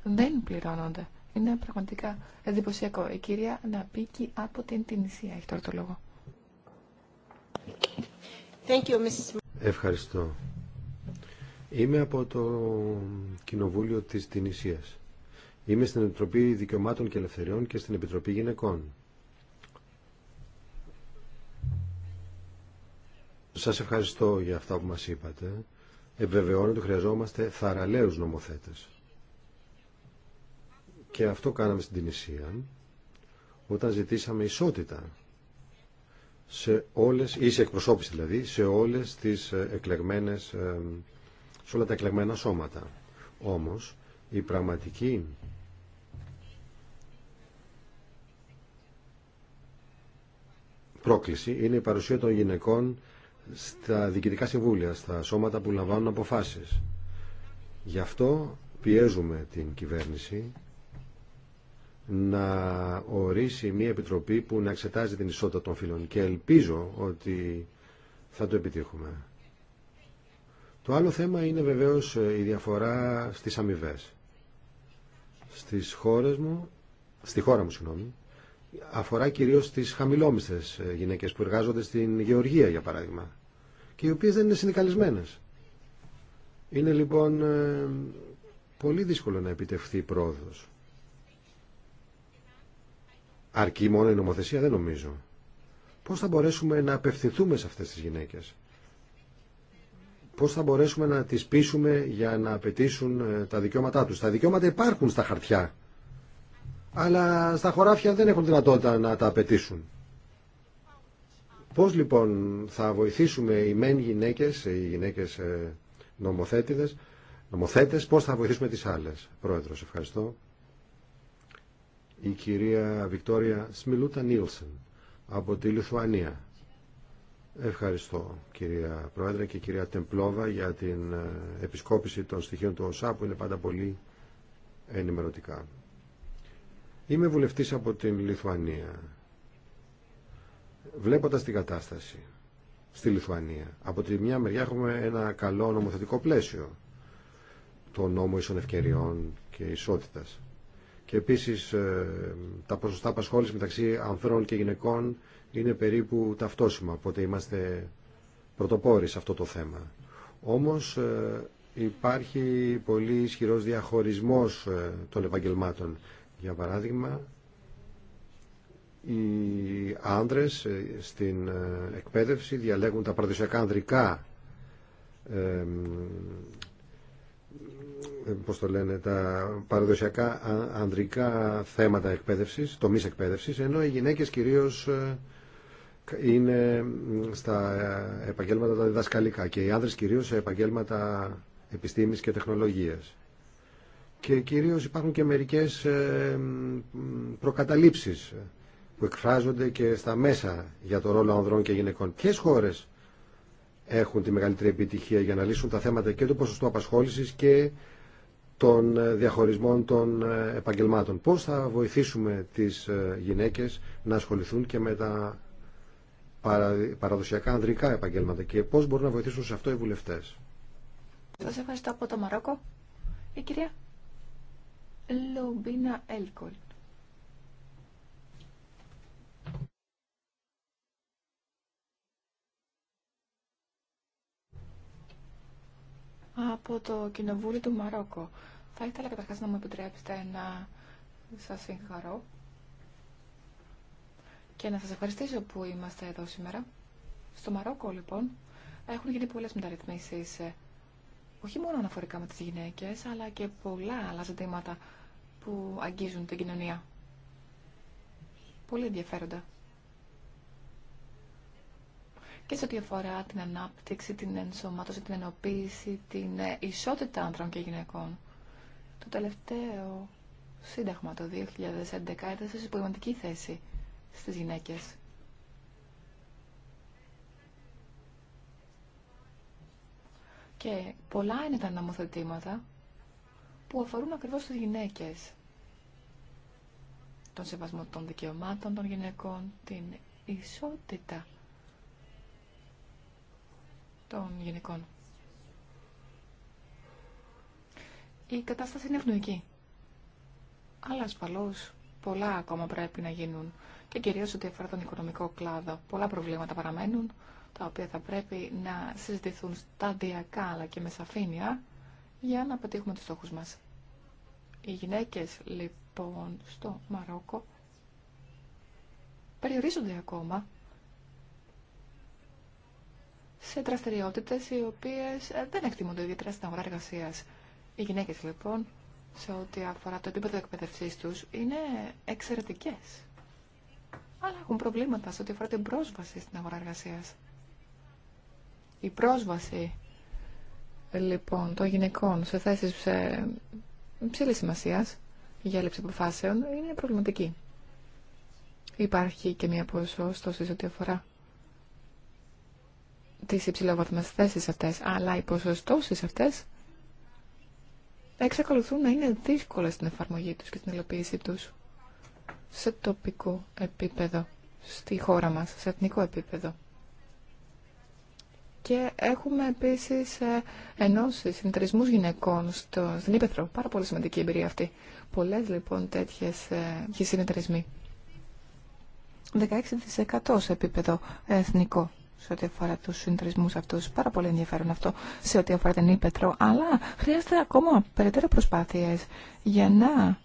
δεν πληρώνονται. Είναι πραγματικά εντυπωσιακό. Η κυρία Ναπίκη από την Τινησία έχει τώρα το λόγο. Thank you, Mrs. Ευχαριστώ. Είμαι από το Κοινοβούλιο της Τινησίας. Είμαι στην Επιτροπή Δικαιωμάτων και Ελευθεριών και στην Επιτροπή Γυναικών. Σας ευχαριστώ για αυτά που μας είπατε. Επιβεβαιώνω ότι χρειαζόμαστε θαραλέους νομοθέτες. Και αυτό κάναμε στην Τινησία όταν ζητήσαμε ισότητα σε όλες, σε εκπροσώπηση δηλαδή, σε όλες τις ε, εκλεγμένες, ε, σε όλα τα εκλεγμένα σώματα. Όμως, η πραγματική πρόκληση είναι η παρουσία των γυναικών στα διοικητικά συμβούλια, στα σώματα που λαμβάνουν αποφάσεις. Γι' αυτό πιέζουμε την κυβέρνηση να ορίσει μια επιτροπή που να εξετάζει την ισότητα των φίλων. και ελπίζω ότι θα το επιτύχουμε. Το άλλο θέμα είναι βεβαίως ε, η διαφορά στις αμοιβέ. Στις χώρες μου, στη χώρα μου συγγνώμη, αφορά κυρίως τις χαμηλόμιστες ε, γυναίκες που εργάζονται στην Γεωργία για παράδειγμα και οι οποίες δεν είναι συνδικαλισμένε. Είναι λοιπόν ε, πολύ δύσκολο να επιτευχθεί πρόοδο. Αρκεί μόνο η νομοθεσία δεν νομίζω. Πώς θα μπορέσουμε να απευθυνθούμε σε αυτές τις γυναίκες. Πώς θα μπορέσουμε να τις πείσουμε για να απαιτήσουν ε, τα δικαιώματά τους. Τα δικαιώματα υπάρχουν στα χαρτιά αλλά στα χωράφια δεν έχουν δυνατότητα να τα απαιτήσουν. Πώς λοιπόν θα βοηθήσουμε οι μεν γυναίκες, οι γυναίκες ε, νομοθέτηδες, νομοθέτες, πώς θα βοηθήσουμε τις άλλες. Πρόεδρος, ευχαριστώ. Η κυρία Βικτόρια Σμιλούτα Νίλσεν από τη Λιθουανία. Ευχαριστώ κυρία Πρόεδρε και κυρία Τεμπλόβα για την ε, επισκόπηση των στοιχείων του ΩΣΑ που είναι πάντα πολύ ενημερωτικά. Είμαι βουλευτής από την Λιθουανία. Βλέποντας την κατάσταση στη Λιθουανία, από τη μια μεριά έχουμε ένα καλό νομοθετικό πλαίσιο, το νόμο ίσων ευκαιριών και ισότητας. Και επίσης ε, τα ποσοστά απασχόληση μεταξύ ανθρώπων και γυναικών είναι περίπου ταυτόσιμα, οπότε είμαστε πρωτοπόροι σε αυτό το θέμα. Όμως ε, υπάρχει πολύ ισχυρός διαχωρισμός ε, των επαγγελμάτων για παράδειγμα, οι άντρες ε, στην ε, εκπαίδευση διαλέγουν τα παραδοσιακά ανδρικά ε, πώς το τα παραδοσιακά ανδρικά θέματα εκπαίδευσης, τομείς εκπαίδευσης, ενώ οι γυναίκες κυρίως είναι στα επαγγέλματα τα διδασκαλικά και οι άνδρες κυρίως σε επαγγέλματα επιστήμης και τεχνολογίας και κυρίως υπάρχουν και μερικές ε, προκαταλήψεις που εκφράζονται και στα μέσα για το ρόλο ανδρών και γυναικών. Ποιε χώρες έχουν τη μεγαλύτερη επιτυχία για να λύσουν τα θέματα και του ποσοστού απασχόλησης και των ε, διαχωρισμών των ε, επαγγελμάτων. Πώς θα βοηθήσουμε τις γυναίκες να ασχοληθούν και με τα παραδοσιακά ανδρικά επαγγέλματα και πώς μπορούν να βοηθήσουν σε αυτό οι βουλευτές. Σας ευχαριστώ από το Μαρόκο. Η κυρία Λομπίνα Έλκολ. Από το Κοινοβούλιο του Μαρόκο. Θα ήθελα καταρχάς να μου επιτρέψετε να σας συγχαρώ και να σας ευχαριστήσω που είμαστε εδώ σήμερα. Στο Μαρόκο, λοιπόν, έχουν γίνει πολλές μεταρρυθμίσεις όχι μόνο αναφορικά με τις γυναίκες, αλλά και πολλά άλλα ζητήματα που αγγίζουν την κοινωνία. Πολύ ενδιαφέροντα. Και σε ό,τι αφορά την ανάπτυξη, την ενσωμάτωση, την ενοποίηση, την ε, ισότητα άντρων και γυναικών. Το τελευταίο σύνταγμα το 2011 έδωσε σημαντική θέση στις γυναίκες. Και πολλά είναι τα νομοθετήματα που αφορούν ακριβώς τις γυναίκες. Τον σεβασμό των δικαιωμάτων των γυναικών, την ισότητα των γυναικών. Η κατάσταση είναι ευνοϊκή. Αλλά ασφαλώς πολλά ακόμα πρέπει να γίνουν και κυρίως ότι αφορά τον οικονομικό κλάδο. Πολλά προβλήματα παραμένουν τα οποία θα πρέπει να συζητηθούν σταδιακά αλλά και με σαφήνεια για να πετύχουμε τους στόχους μας. Οι γυναίκες λοιπόν στο Μαρόκο περιορίζονται ακόμα σε δραστηριότητε οι οποίες ε, δεν εκτιμούνται ιδιαίτερα στην αγορά εργασία. Οι γυναίκες λοιπόν σε ό,τι αφορά το επίπεδο εκπαίδευσή τους είναι εξαιρετικές. Αλλά έχουν προβλήματα σε ό,τι αφορά την πρόσβαση στην αγορά εργασίας. Η πρόσβαση λοιπόν των γυναικών σε θέσεις ε, ψηλής σημασίας για έλλειψη αποφάσεων είναι προβληματική. Υπάρχει και μια ποσοστό σε ό,τι αφορά τις υψηλοβαθμές θέσεις αυτές, αλλά οι ποσοστώσεις αυτές εξακολουθούν να είναι δύσκολες στην εφαρμογή τους και στην υλοποίησή τους σε τοπικό επίπεδο, στη χώρα μας, σε εθνικό επίπεδο. Και έχουμε επίση ε, ενώσει, συνεταιρισμού γυναικών στο, στην Ήπεθρο. Πάρα πολύ σημαντική εμπειρία αυτή. Πολλέ λοιπόν τέτοιε ε, συνεταιρισμοί. 16% σε επίπεδο εθνικό σε ό,τι αφορά του συνεταιρισμού αυτού. Πάρα πολύ ενδιαφέρον αυτό σε ό,τι αφορά την Ήπεθρο. Αλλά χρειάζεται ακόμα περαιτέρω προσπάθειε για να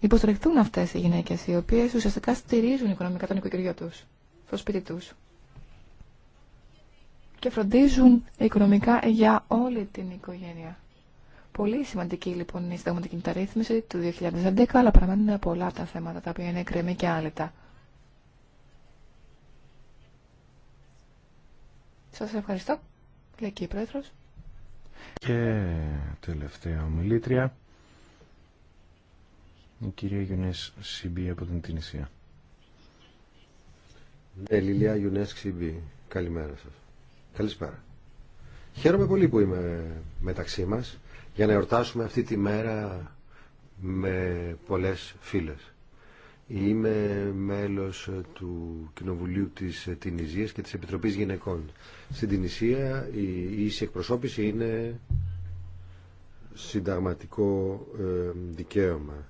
υποστρεχθούν αυτές οι γυναίκες οι οποίες ουσιαστικά στηρίζουν οικονομικά τον οικογένειο τους στο σπίτι του και φροντίζουν οικονομικά για όλη την οικογένεια. Πολύ σημαντική λοιπόν η συνταγματική μεταρρύθμιση του 2011, αλλά παραμένουν πολλά τα θέματα τα οποία είναι κρεμή και άλυτα. Σας ευχαριστώ, λέει και η Πρόεδρος. Και τελευταία ομιλήτρια, η κυρία Γιουνές Σιμπή από την Τινησία. Ναι, Λιλιά Γιουνές Σιμπή. Καλημέρα σας. Καλησπέρα. Χαίρομαι πολύ που είμαι μεταξύ μας για να εορτάσουμε αυτή τη μέρα με πολλές φίλες. Είμαι μέλος του Κοινοβουλίου της Τινησίας και της Επιτροπής Γυναικών. Στην Τινησία η ίση εκπροσώπηση είναι συνταγματικό ε, δικαίωμα.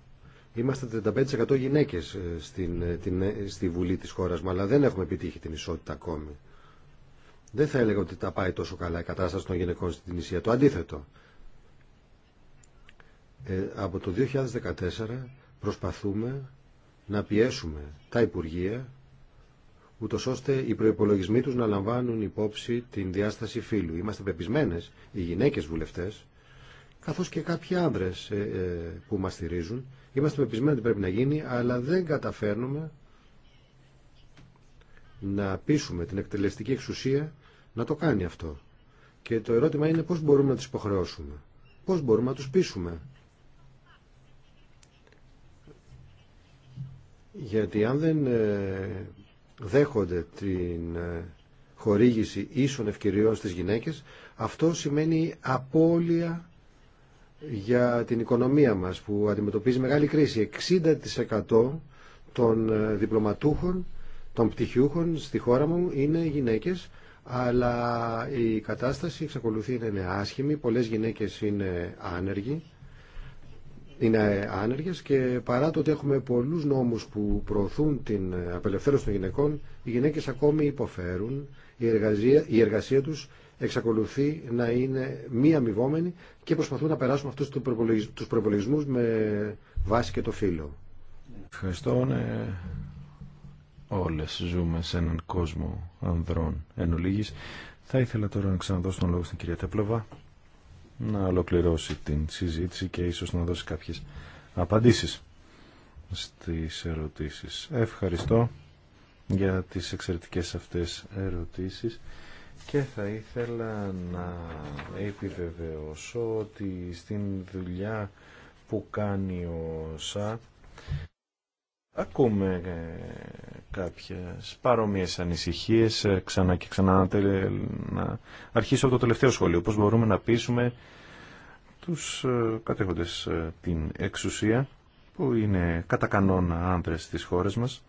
Είμαστε 35% γυναίκες ε, στην, ε, στη Βουλή της χώρας μου, αλλά δεν έχουμε επιτύχει την ισότητα ακόμη. Δεν θα έλεγα ότι τα πάει τόσο καλά η κατάσταση των γυναικών στην Ισία. Το αντίθετο. Ε, από το 2014 προσπαθούμε να πιέσουμε τα Υπουργεία ούτω ώστε οι προπολογισμοί τους να λαμβάνουν υπόψη την διάσταση φύλου. Είμαστε πεπισμένες, οι γυναίκες βουλευτές, καθώς και κάποιοι άνδρες ε, ε, που μας στηρίζουν, είμαστε πεπισμένοι ότι πρέπει να γίνει, αλλά δεν καταφέρνουμε να πείσουμε την εκτελεστική εξουσία να το κάνει αυτό. Και το ερώτημα είναι πώς μπορούμε να τους υποχρεώσουμε. Πώς μπορούμε να τους πείσουμε. Γιατί αν δεν ε, δέχονται την ε, χορήγηση ίσων ευκαιριών στις γυναίκες, αυτό σημαίνει απώλεια για την οικονομία μας που αντιμετωπίζει μεγάλη κρίση. 60% των ε, διπλωματούχων, των πτυχιούχων στη χώρα μου είναι γυναίκες αλλά η κατάσταση εξακολουθεί να είναι άσχημη. Πολλές γυναίκες είναι άνεργοι, είναι άνεργες και παρά το ότι έχουμε πολλούς νόμους που προωθούν την απελευθέρωση των γυναικών, οι γυναίκες ακόμη υποφέρουν, η εργασία, η εργασία τους εξακολουθεί να είναι μη αμοιβόμενη και προσπαθούν να περάσουν αυτούς τους προπολογισμού με βάση και το φύλλο. Ευχαριστώ. Ναι όλες ζούμε σε έναν κόσμο ανδρών εν ολίγης. Θα ήθελα τώρα να ξαναδώσω τον λόγο στην κυρία Τέπλοβα να ολοκληρώσει την συζήτηση και ίσως να δώσει κάποιες απαντήσεις στις ερωτήσεις. Ευχαριστώ για τις εξαιρετικές αυτές ερωτήσεις και θα ήθελα να επιβεβαιώσω ότι στην δουλειά που κάνει ο ΣΑ ακούμε ε, κάποιες παρόμοιες ανησυχίες ε, ξανά και ξανά να αρχίσω από το τελευταίο σχολείο Πώς μπορούμε να πείσουμε τους ε, κατέχοντες ε, την εξουσία που είναι κατά κανόνα άντρες της χώρας μας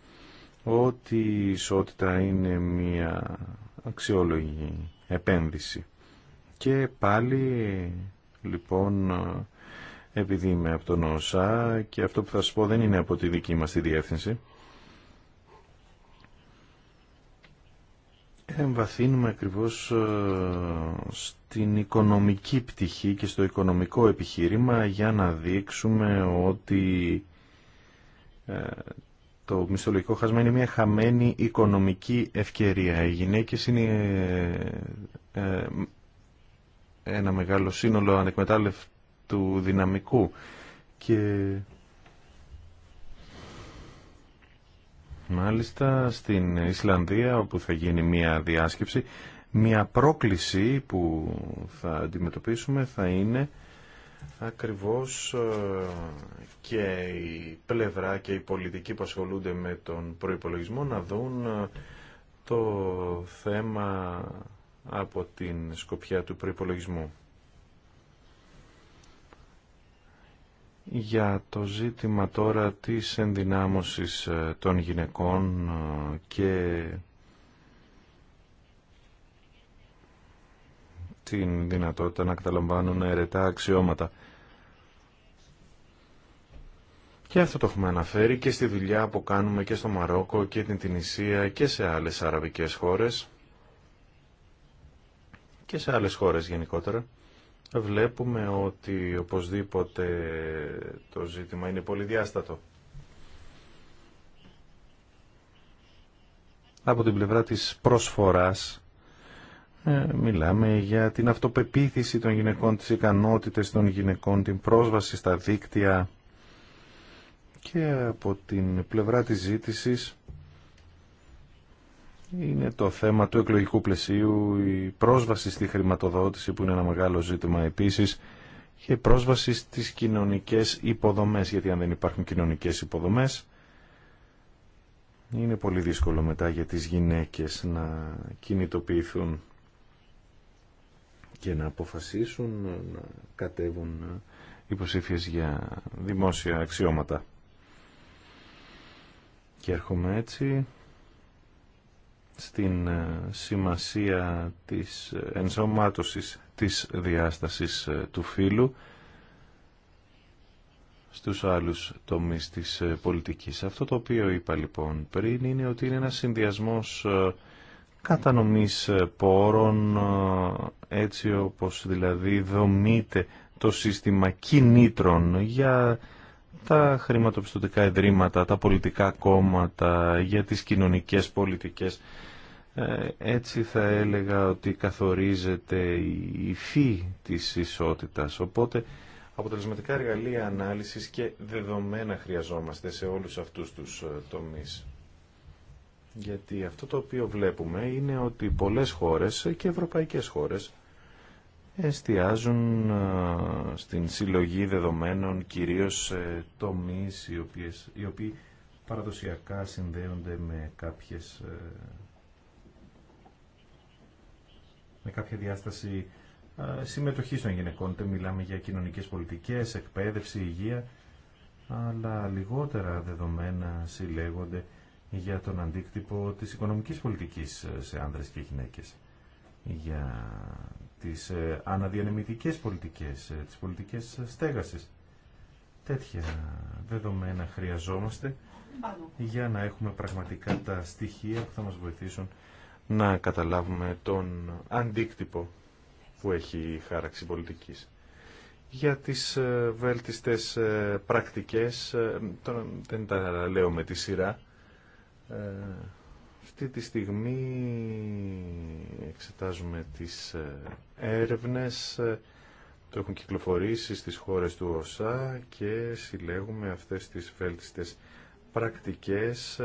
ότι η ισότητα είναι μια αξιόλογη επένδυση. Και πάλι λοιπόν επειδή είμαι από τον ΩΣΑ και αυτό που θα σας πω δεν είναι από τη δική μας τη διεύθυνση εμβαθύνουμε ακριβώς ε, στην οικονομική πτυχή και στο οικονομικό επιχείρημα για να δείξουμε ότι ε, το μισθολογικό χάσμα είναι μια χαμένη οικονομική ευκαιρία. Οι γυναίκες είναι ε, ένα μεγάλο σύνολο ανεκμετάλλευτου δυναμικού και Μάλιστα στην Ισλανδία όπου θα γίνει μια διάσκεψη, μια πρόκληση που θα αντιμετωπίσουμε θα είναι ακριβώς ε, και η πλευρά και οι πολιτικοί που ασχολούνται με τον προϋπολογισμό να δουν ε, το θέμα από την σκοπιά του προϋπολογισμού. για το ζήτημα τώρα της ενδυνάμωσης ε, των γυναικών ε, και την δυνατότητα να καταλαμβάνουν αιρετά αξιώματα. Και αυτό το έχουμε αναφέρει και στη δουλειά που κάνουμε και στο Μαρόκο και την Τινησία και σε άλλες αραβικές χώρες και σε άλλες χώρες γενικότερα. Βλέπουμε ότι οπωσδήποτε το ζήτημα είναι πολυδιάστατο. Από την πλευρά της προσφοράς ε, μιλάμε για την αυτοπεποίθηση των γυναικών, τις ικανότητες των γυναικών, την πρόσβαση στα δίκτυα και από την πλευρά της ζήτησης είναι το θέμα του εκλογικού πλαισίου, η πρόσβαση στη χρηματοδότηση που είναι ένα μεγάλο ζήτημα επίσης και η πρόσβαση στις κοινωνικές υποδομές, γιατί αν δεν υπάρχουν κοινωνικές υποδομές είναι πολύ δύσκολο μετά για τις γυναίκες να κινητοποιηθούν και να αποφασίσουν να κατέβουν υποψήφιες για δημόσια αξιώματα. Και έρχομαι έτσι στην ε, σημασία της ε, ενσωμάτωσης της διάστασης ε, του φύλου στους άλλους τομείς της πολιτικής. Αυτό το οποίο είπα λοιπόν πριν είναι ότι είναι ένας συνδυασμός κατανομής πόρων έτσι όπως δηλαδή δομείται το σύστημα κινήτρων για τα χρηματοπιστωτικά ιδρύματα, τα πολιτικά κόμματα, για τις κοινωνικές πολιτικές ε, έτσι θα έλεγα ότι καθορίζεται η υφή της ισότητας. Οπότε αποτελεσματικά εργαλεία ανάλυσης και δεδομένα χρειαζόμαστε σε όλους αυτούς τους ε, τομείς. Γιατί αυτό το οποίο βλέπουμε είναι ότι πολλές χώρες και ευρωπαϊκές χώρες εστιάζουν ε, στην συλλογή δεδομένων κυρίως τομείς οι, οποίες, οι οποίοι παραδοσιακά συνδέονται με κάποιες με κάποια διάσταση συμμετοχή των γυναικών. Είτε μιλάμε για κοινωνικές πολιτικές, εκπαίδευση, υγεία, αλλά λιγότερα δεδομένα συλλέγονται για τον αντίκτυπο της οικονομικής πολιτική ε, σε άνδρες και γυναίκες, για τις ε, αναδιανεμητικές πολιτικές, ε, τις πολιτικές στέγασης. Τέτοια δεδομένα χρειαζόμαστε για να έχουμε πραγματικά τα στοιχεία που θα μας βοηθήσουν να καταλάβουμε τον αντίκτυπο που έχει η χάραξη πολιτικής. Για τις ε, βέλτιστες ε, πρακτικές, ε, δεν τα λέω με τη σειρά, αυτή τη στιγμή εξετάζουμε τις έρευνες το έχουν κυκλοφορήσει στις χώρες του ΩΣΑ και συλλέγουμε αυτές τις βέλτιστες πρακτικές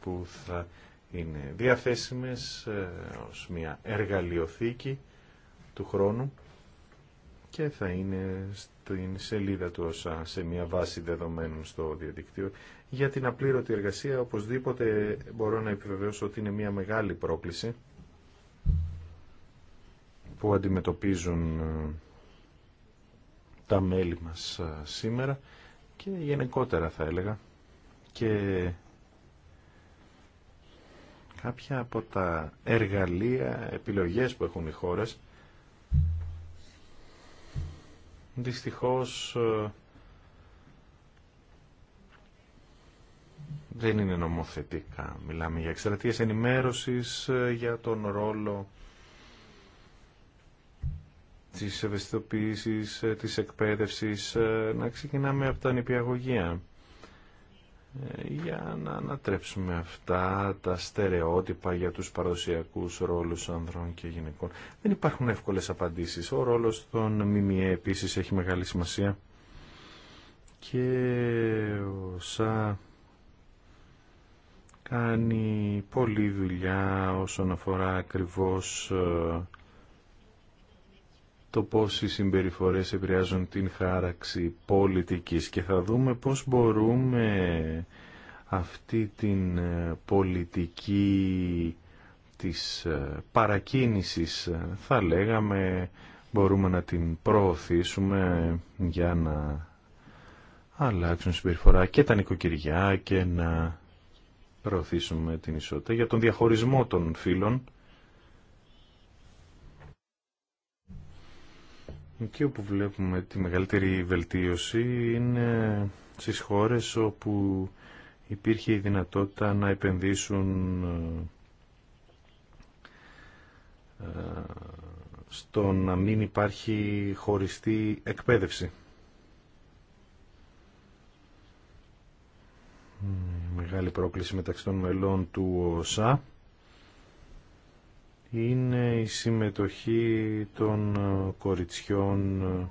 που θα είναι διαθέσιμες ε, ως μια εργαλειοθήκη του χρόνου και θα είναι στην σελίδα του όσα σε μια βάση δεδομένων στο διαδικτύο. Για την απλήρωτη εργασία οπωσδήποτε μπορώ να επιβεβαιώσω ότι είναι μια μεγάλη πρόκληση που αντιμετωπίζουν ε, τα μέλη μας ε, σήμερα και γενικότερα θα έλεγα και κάποια από τα εργαλεία, επιλογές που έχουν οι χώρες δυστυχώς ε, δεν είναι νομοθετικά. Μιλάμε για εξτρατείες ενημέρωσης ε, για τον ρόλο της ευαισθητοποίησης, ε, της εκπαίδευσης, να ξεκινάμε από τα νηπιαγωγεία για να ανατρέψουμε αυτά τα στερεότυπα για τους παραδοσιακούς ρόλους ανδρών και γυναικών. Δεν υπάρχουν εύκολες απαντήσεις. Ο ρόλος των ΜΜΕ επίσης έχει μεγάλη σημασία και ο ΣΑ κάνει πολλή δουλειά όσον αφορά ακριβώς ε, το πώς οι συμπεριφορές επηρεάζουν την χάραξη πολιτικής και θα δούμε πώς μπορούμε αυτή την ε, πολιτική της ε, παρακίνησης ε, θα λέγαμε μπορούμε να την προωθήσουμε για να αλλάξουν συμπεριφορά και τα νοικοκυριά και να προωθήσουμε την ισότητα για τον διαχωρισμό των φύλων Εκεί όπου βλέπουμε τη μεγαλύτερη βελτίωση είναι στις χώρες όπου υπήρχε η δυνατότητα να επενδύσουν ε, ε, στο να μην υπάρχει χωριστή εκπαίδευση. μεγάλη πρόκληση μεταξύ των μελών του ΟΣΑ είναι η συμμετοχή των ε, κοριτσιών ε,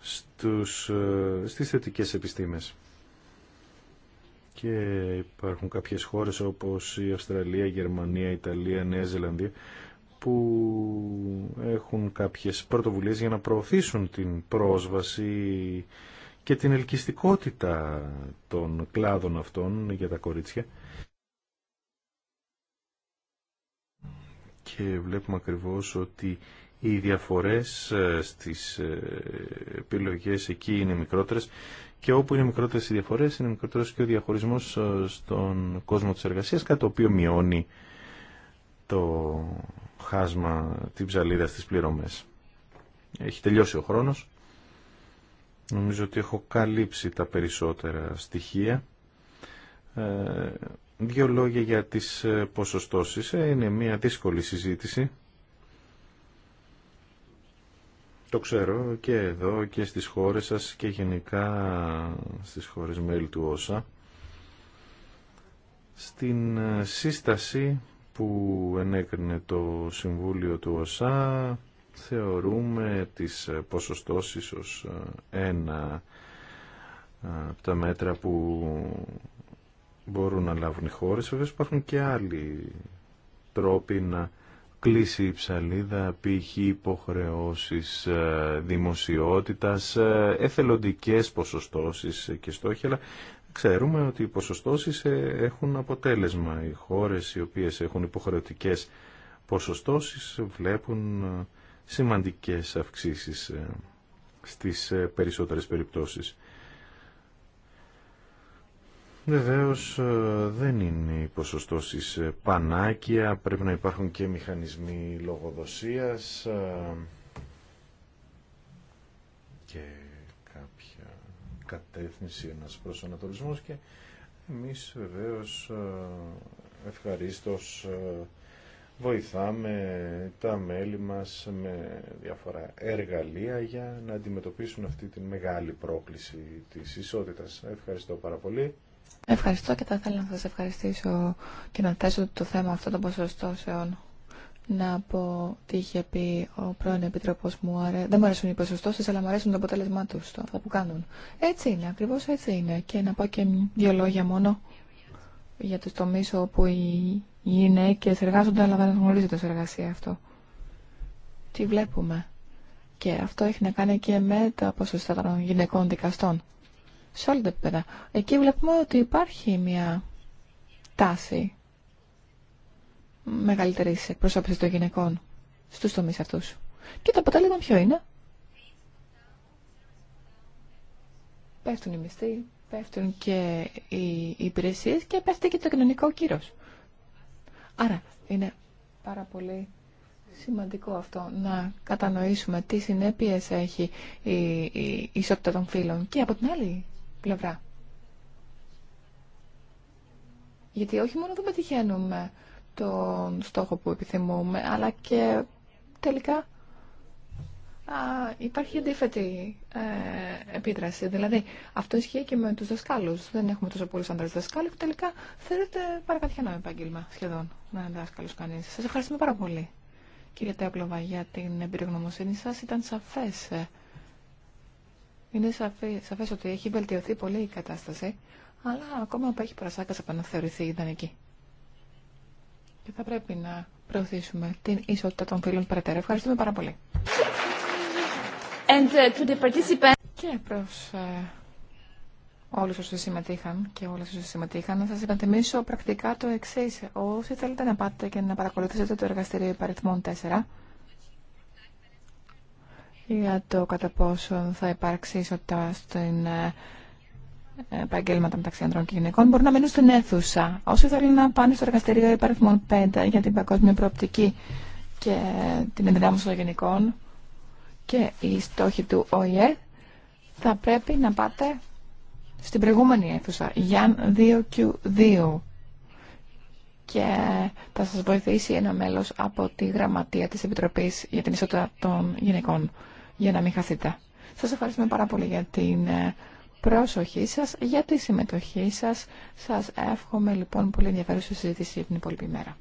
στους, ε, στις θετικές επιστήμες. Και υπάρχουν κάποιες χώρες όπως η Αυστραλία, η Γερμανία, η Ιταλία, η Νέα Ζηλανδία που έχουν κάποιες πρωτοβουλίες για να προωθήσουν την πρόσβαση και την ελκυστικότητα των κλάδων αυτών για τα κορίτσια και βλέπουμε ακριβώς ότι οι διαφορές ε, στις ε, επιλογές εκεί είναι μικρότερες και όπου είναι μικρότερες οι διαφορές είναι μικρότερος και ο διαχωρισμός ε, στον κόσμο της εργασίας κάτι το οποίο μειώνει το χάσμα την ψαλίδα στις πληρωμές. Έχει τελειώσει ο χρόνος. Νομίζω ότι έχω καλύψει τα περισσότερα στοιχεία. Δύο λόγια για τις ε, ποσοστώσεις. Ε, είναι μια δύσκολη συζήτηση. Το ξέρω και εδώ και στις χώρες σας και γενικά στις χώρες μέλη του ΩΣΑ. Στην ε, σύσταση που ενέκρινε το Συμβούλιο του ΩΣΑ θεωρούμε τις ποσοστώσεις ως ένα από τα μέτρα που μπορούν να λάβουν οι χώρες. Βέβαια υπάρχουν και άλλοι τρόποι να κλείσει η ψαλίδα, π.χ. υποχρεώσεις ε, δημοσιότητας, ε, εθελοντικές ποσοστώσεις και στόχοι, αλλά ξέρουμε ότι οι ποσοστώσεις ε, έχουν αποτέλεσμα. Οι χώρες οι οποίες έχουν υποχρεωτικές ποσοστώσεις βλέπουν σημαντικές αυξήσεις στις περισσότερες περιπτώσεις. Βεβαίως ε, δεν είναι οι ποσοστώσεις ε, πανάκια, πρέπει να υπάρχουν και μηχανισμοί λογοδοσίας ε, και κάποια κατεύθυνση, ένας προσανατολισμός και εμείς βεβαίως ευχαρίστως βοηθάμε τα μέλη μας με διάφορα εργαλεία για να αντιμετωπίσουν αυτή τη μεγάλη πρόκληση της ισότητας. Ευχαριστώ πάρα πολύ. Ευχαριστώ και θα ήθελα να σας ευχαριστήσω και να θέσω το θέμα αυτό των ποσοστώσεων. Να πω τι είχε πει ο πρώην Επιτροπός μου. Αρέ... Δεν μου αρέσουν οι ποσοστώσεις, αλλά μου αρέσουν το αποτέλεσμά του το αυτό που κάνουν. Έτσι είναι, ακριβώς έτσι είναι. Και να πω και δύο λόγια μόνο για του τομείς όπου οι γυναίκες εργάζονται, αλλά δεν γνωρίζονται σε εργασία αυτό. Τι βλέπουμε. Και αυτό έχει να κάνει και με τα ποσοστά των γυναικών δικαστών σε όλα τα επίπεδα. Εκεί βλέπουμε ότι υπάρχει μια τάση μεγαλύτερη εκπροσώπησης των γυναικών στους τομείς αυτούς. Και το αποτέλεσμα ποιο είναι. Πέφτουν οι μισθοί, πέφτουν και οι υπηρεσίες και πέφτει και το κοινωνικό κύρος. Άρα είναι πάρα πολύ σημαντικό αυτό να κατανοήσουμε τι συνέπειες έχει η, η, η ισότητα των φύλων και από την άλλη πλευρά. Γιατί όχι μόνο δεν πετυχαίνουμε τον στόχο που επιθυμούμε, αλλά και τελικά α, υπάρχει αντίθετη ε, επίδραση. Δηλαδή, αυτό ισχύει και με τους δασκάλους. Δεν έχουμε τόσο πολλούς άντρες δασκάλους που τελικά θέλετε παρακατιανό επάγγελμα σχεδόν να είναι δάσκαλος κανείς. Σας ευχαριστούμε πάρα πολύ. Κύριε Τέπλοβα, για την εμπειρογνωμοσύνη σας ήταν σαφές ε, είναι σαφή, σαφές ότι έχει βελτιωθεί πολύ η κατάσταση, αλλά ακόμα που έχει προσάγκασα από να θεωρηθεί ιδανική. Και θα πρέπει να προωθήσουμε την ισότητα των φίλων περαιτέρω. Ευχαριστούμε πάρα πολύ. And uh, to the Και προς όλου ε, όλους όσους συμμετείχαν και όλες όσους συμμετείχαν, να σας υπενθυμίσω πρακτικά το εξή. Όσοι θέλετε να πάτε και να παρακολουθήσετε το εργαστήριο υπαριθμών 4, για το κατά πόσο θα υπάρξει ισότητα στην ε, επαγγέλματα μεταξύ ανδρών και γυναικών μπορούν να μείνουν στην αίθουσα. Όσοι θέλουν να πάνε στο εργαστήριο υπαριθμών 5 για την παγκόσμια προοπτική και την ενδυνάμωση των γενικών και οι στόχοι του ΟΗΕ θα πρέπει να πάτε στην προηγούμενη αίθουσα, Γιάν 2Q2. Και θα σας βοηθήσει ένα μέλος από τη γραμματεία της Επιτροπής για την Ισότητα των Γυναικών για να μην χαθείτε. Σας ευχαριστούμε πάρα πολύ για την ε, πρόσοχή σας, για τη συμμετοχή σας. Σας εύχομαι λοιπόν πολύ ενδιαφέρουσα συζήτηση την υπόλοιπη μέρα.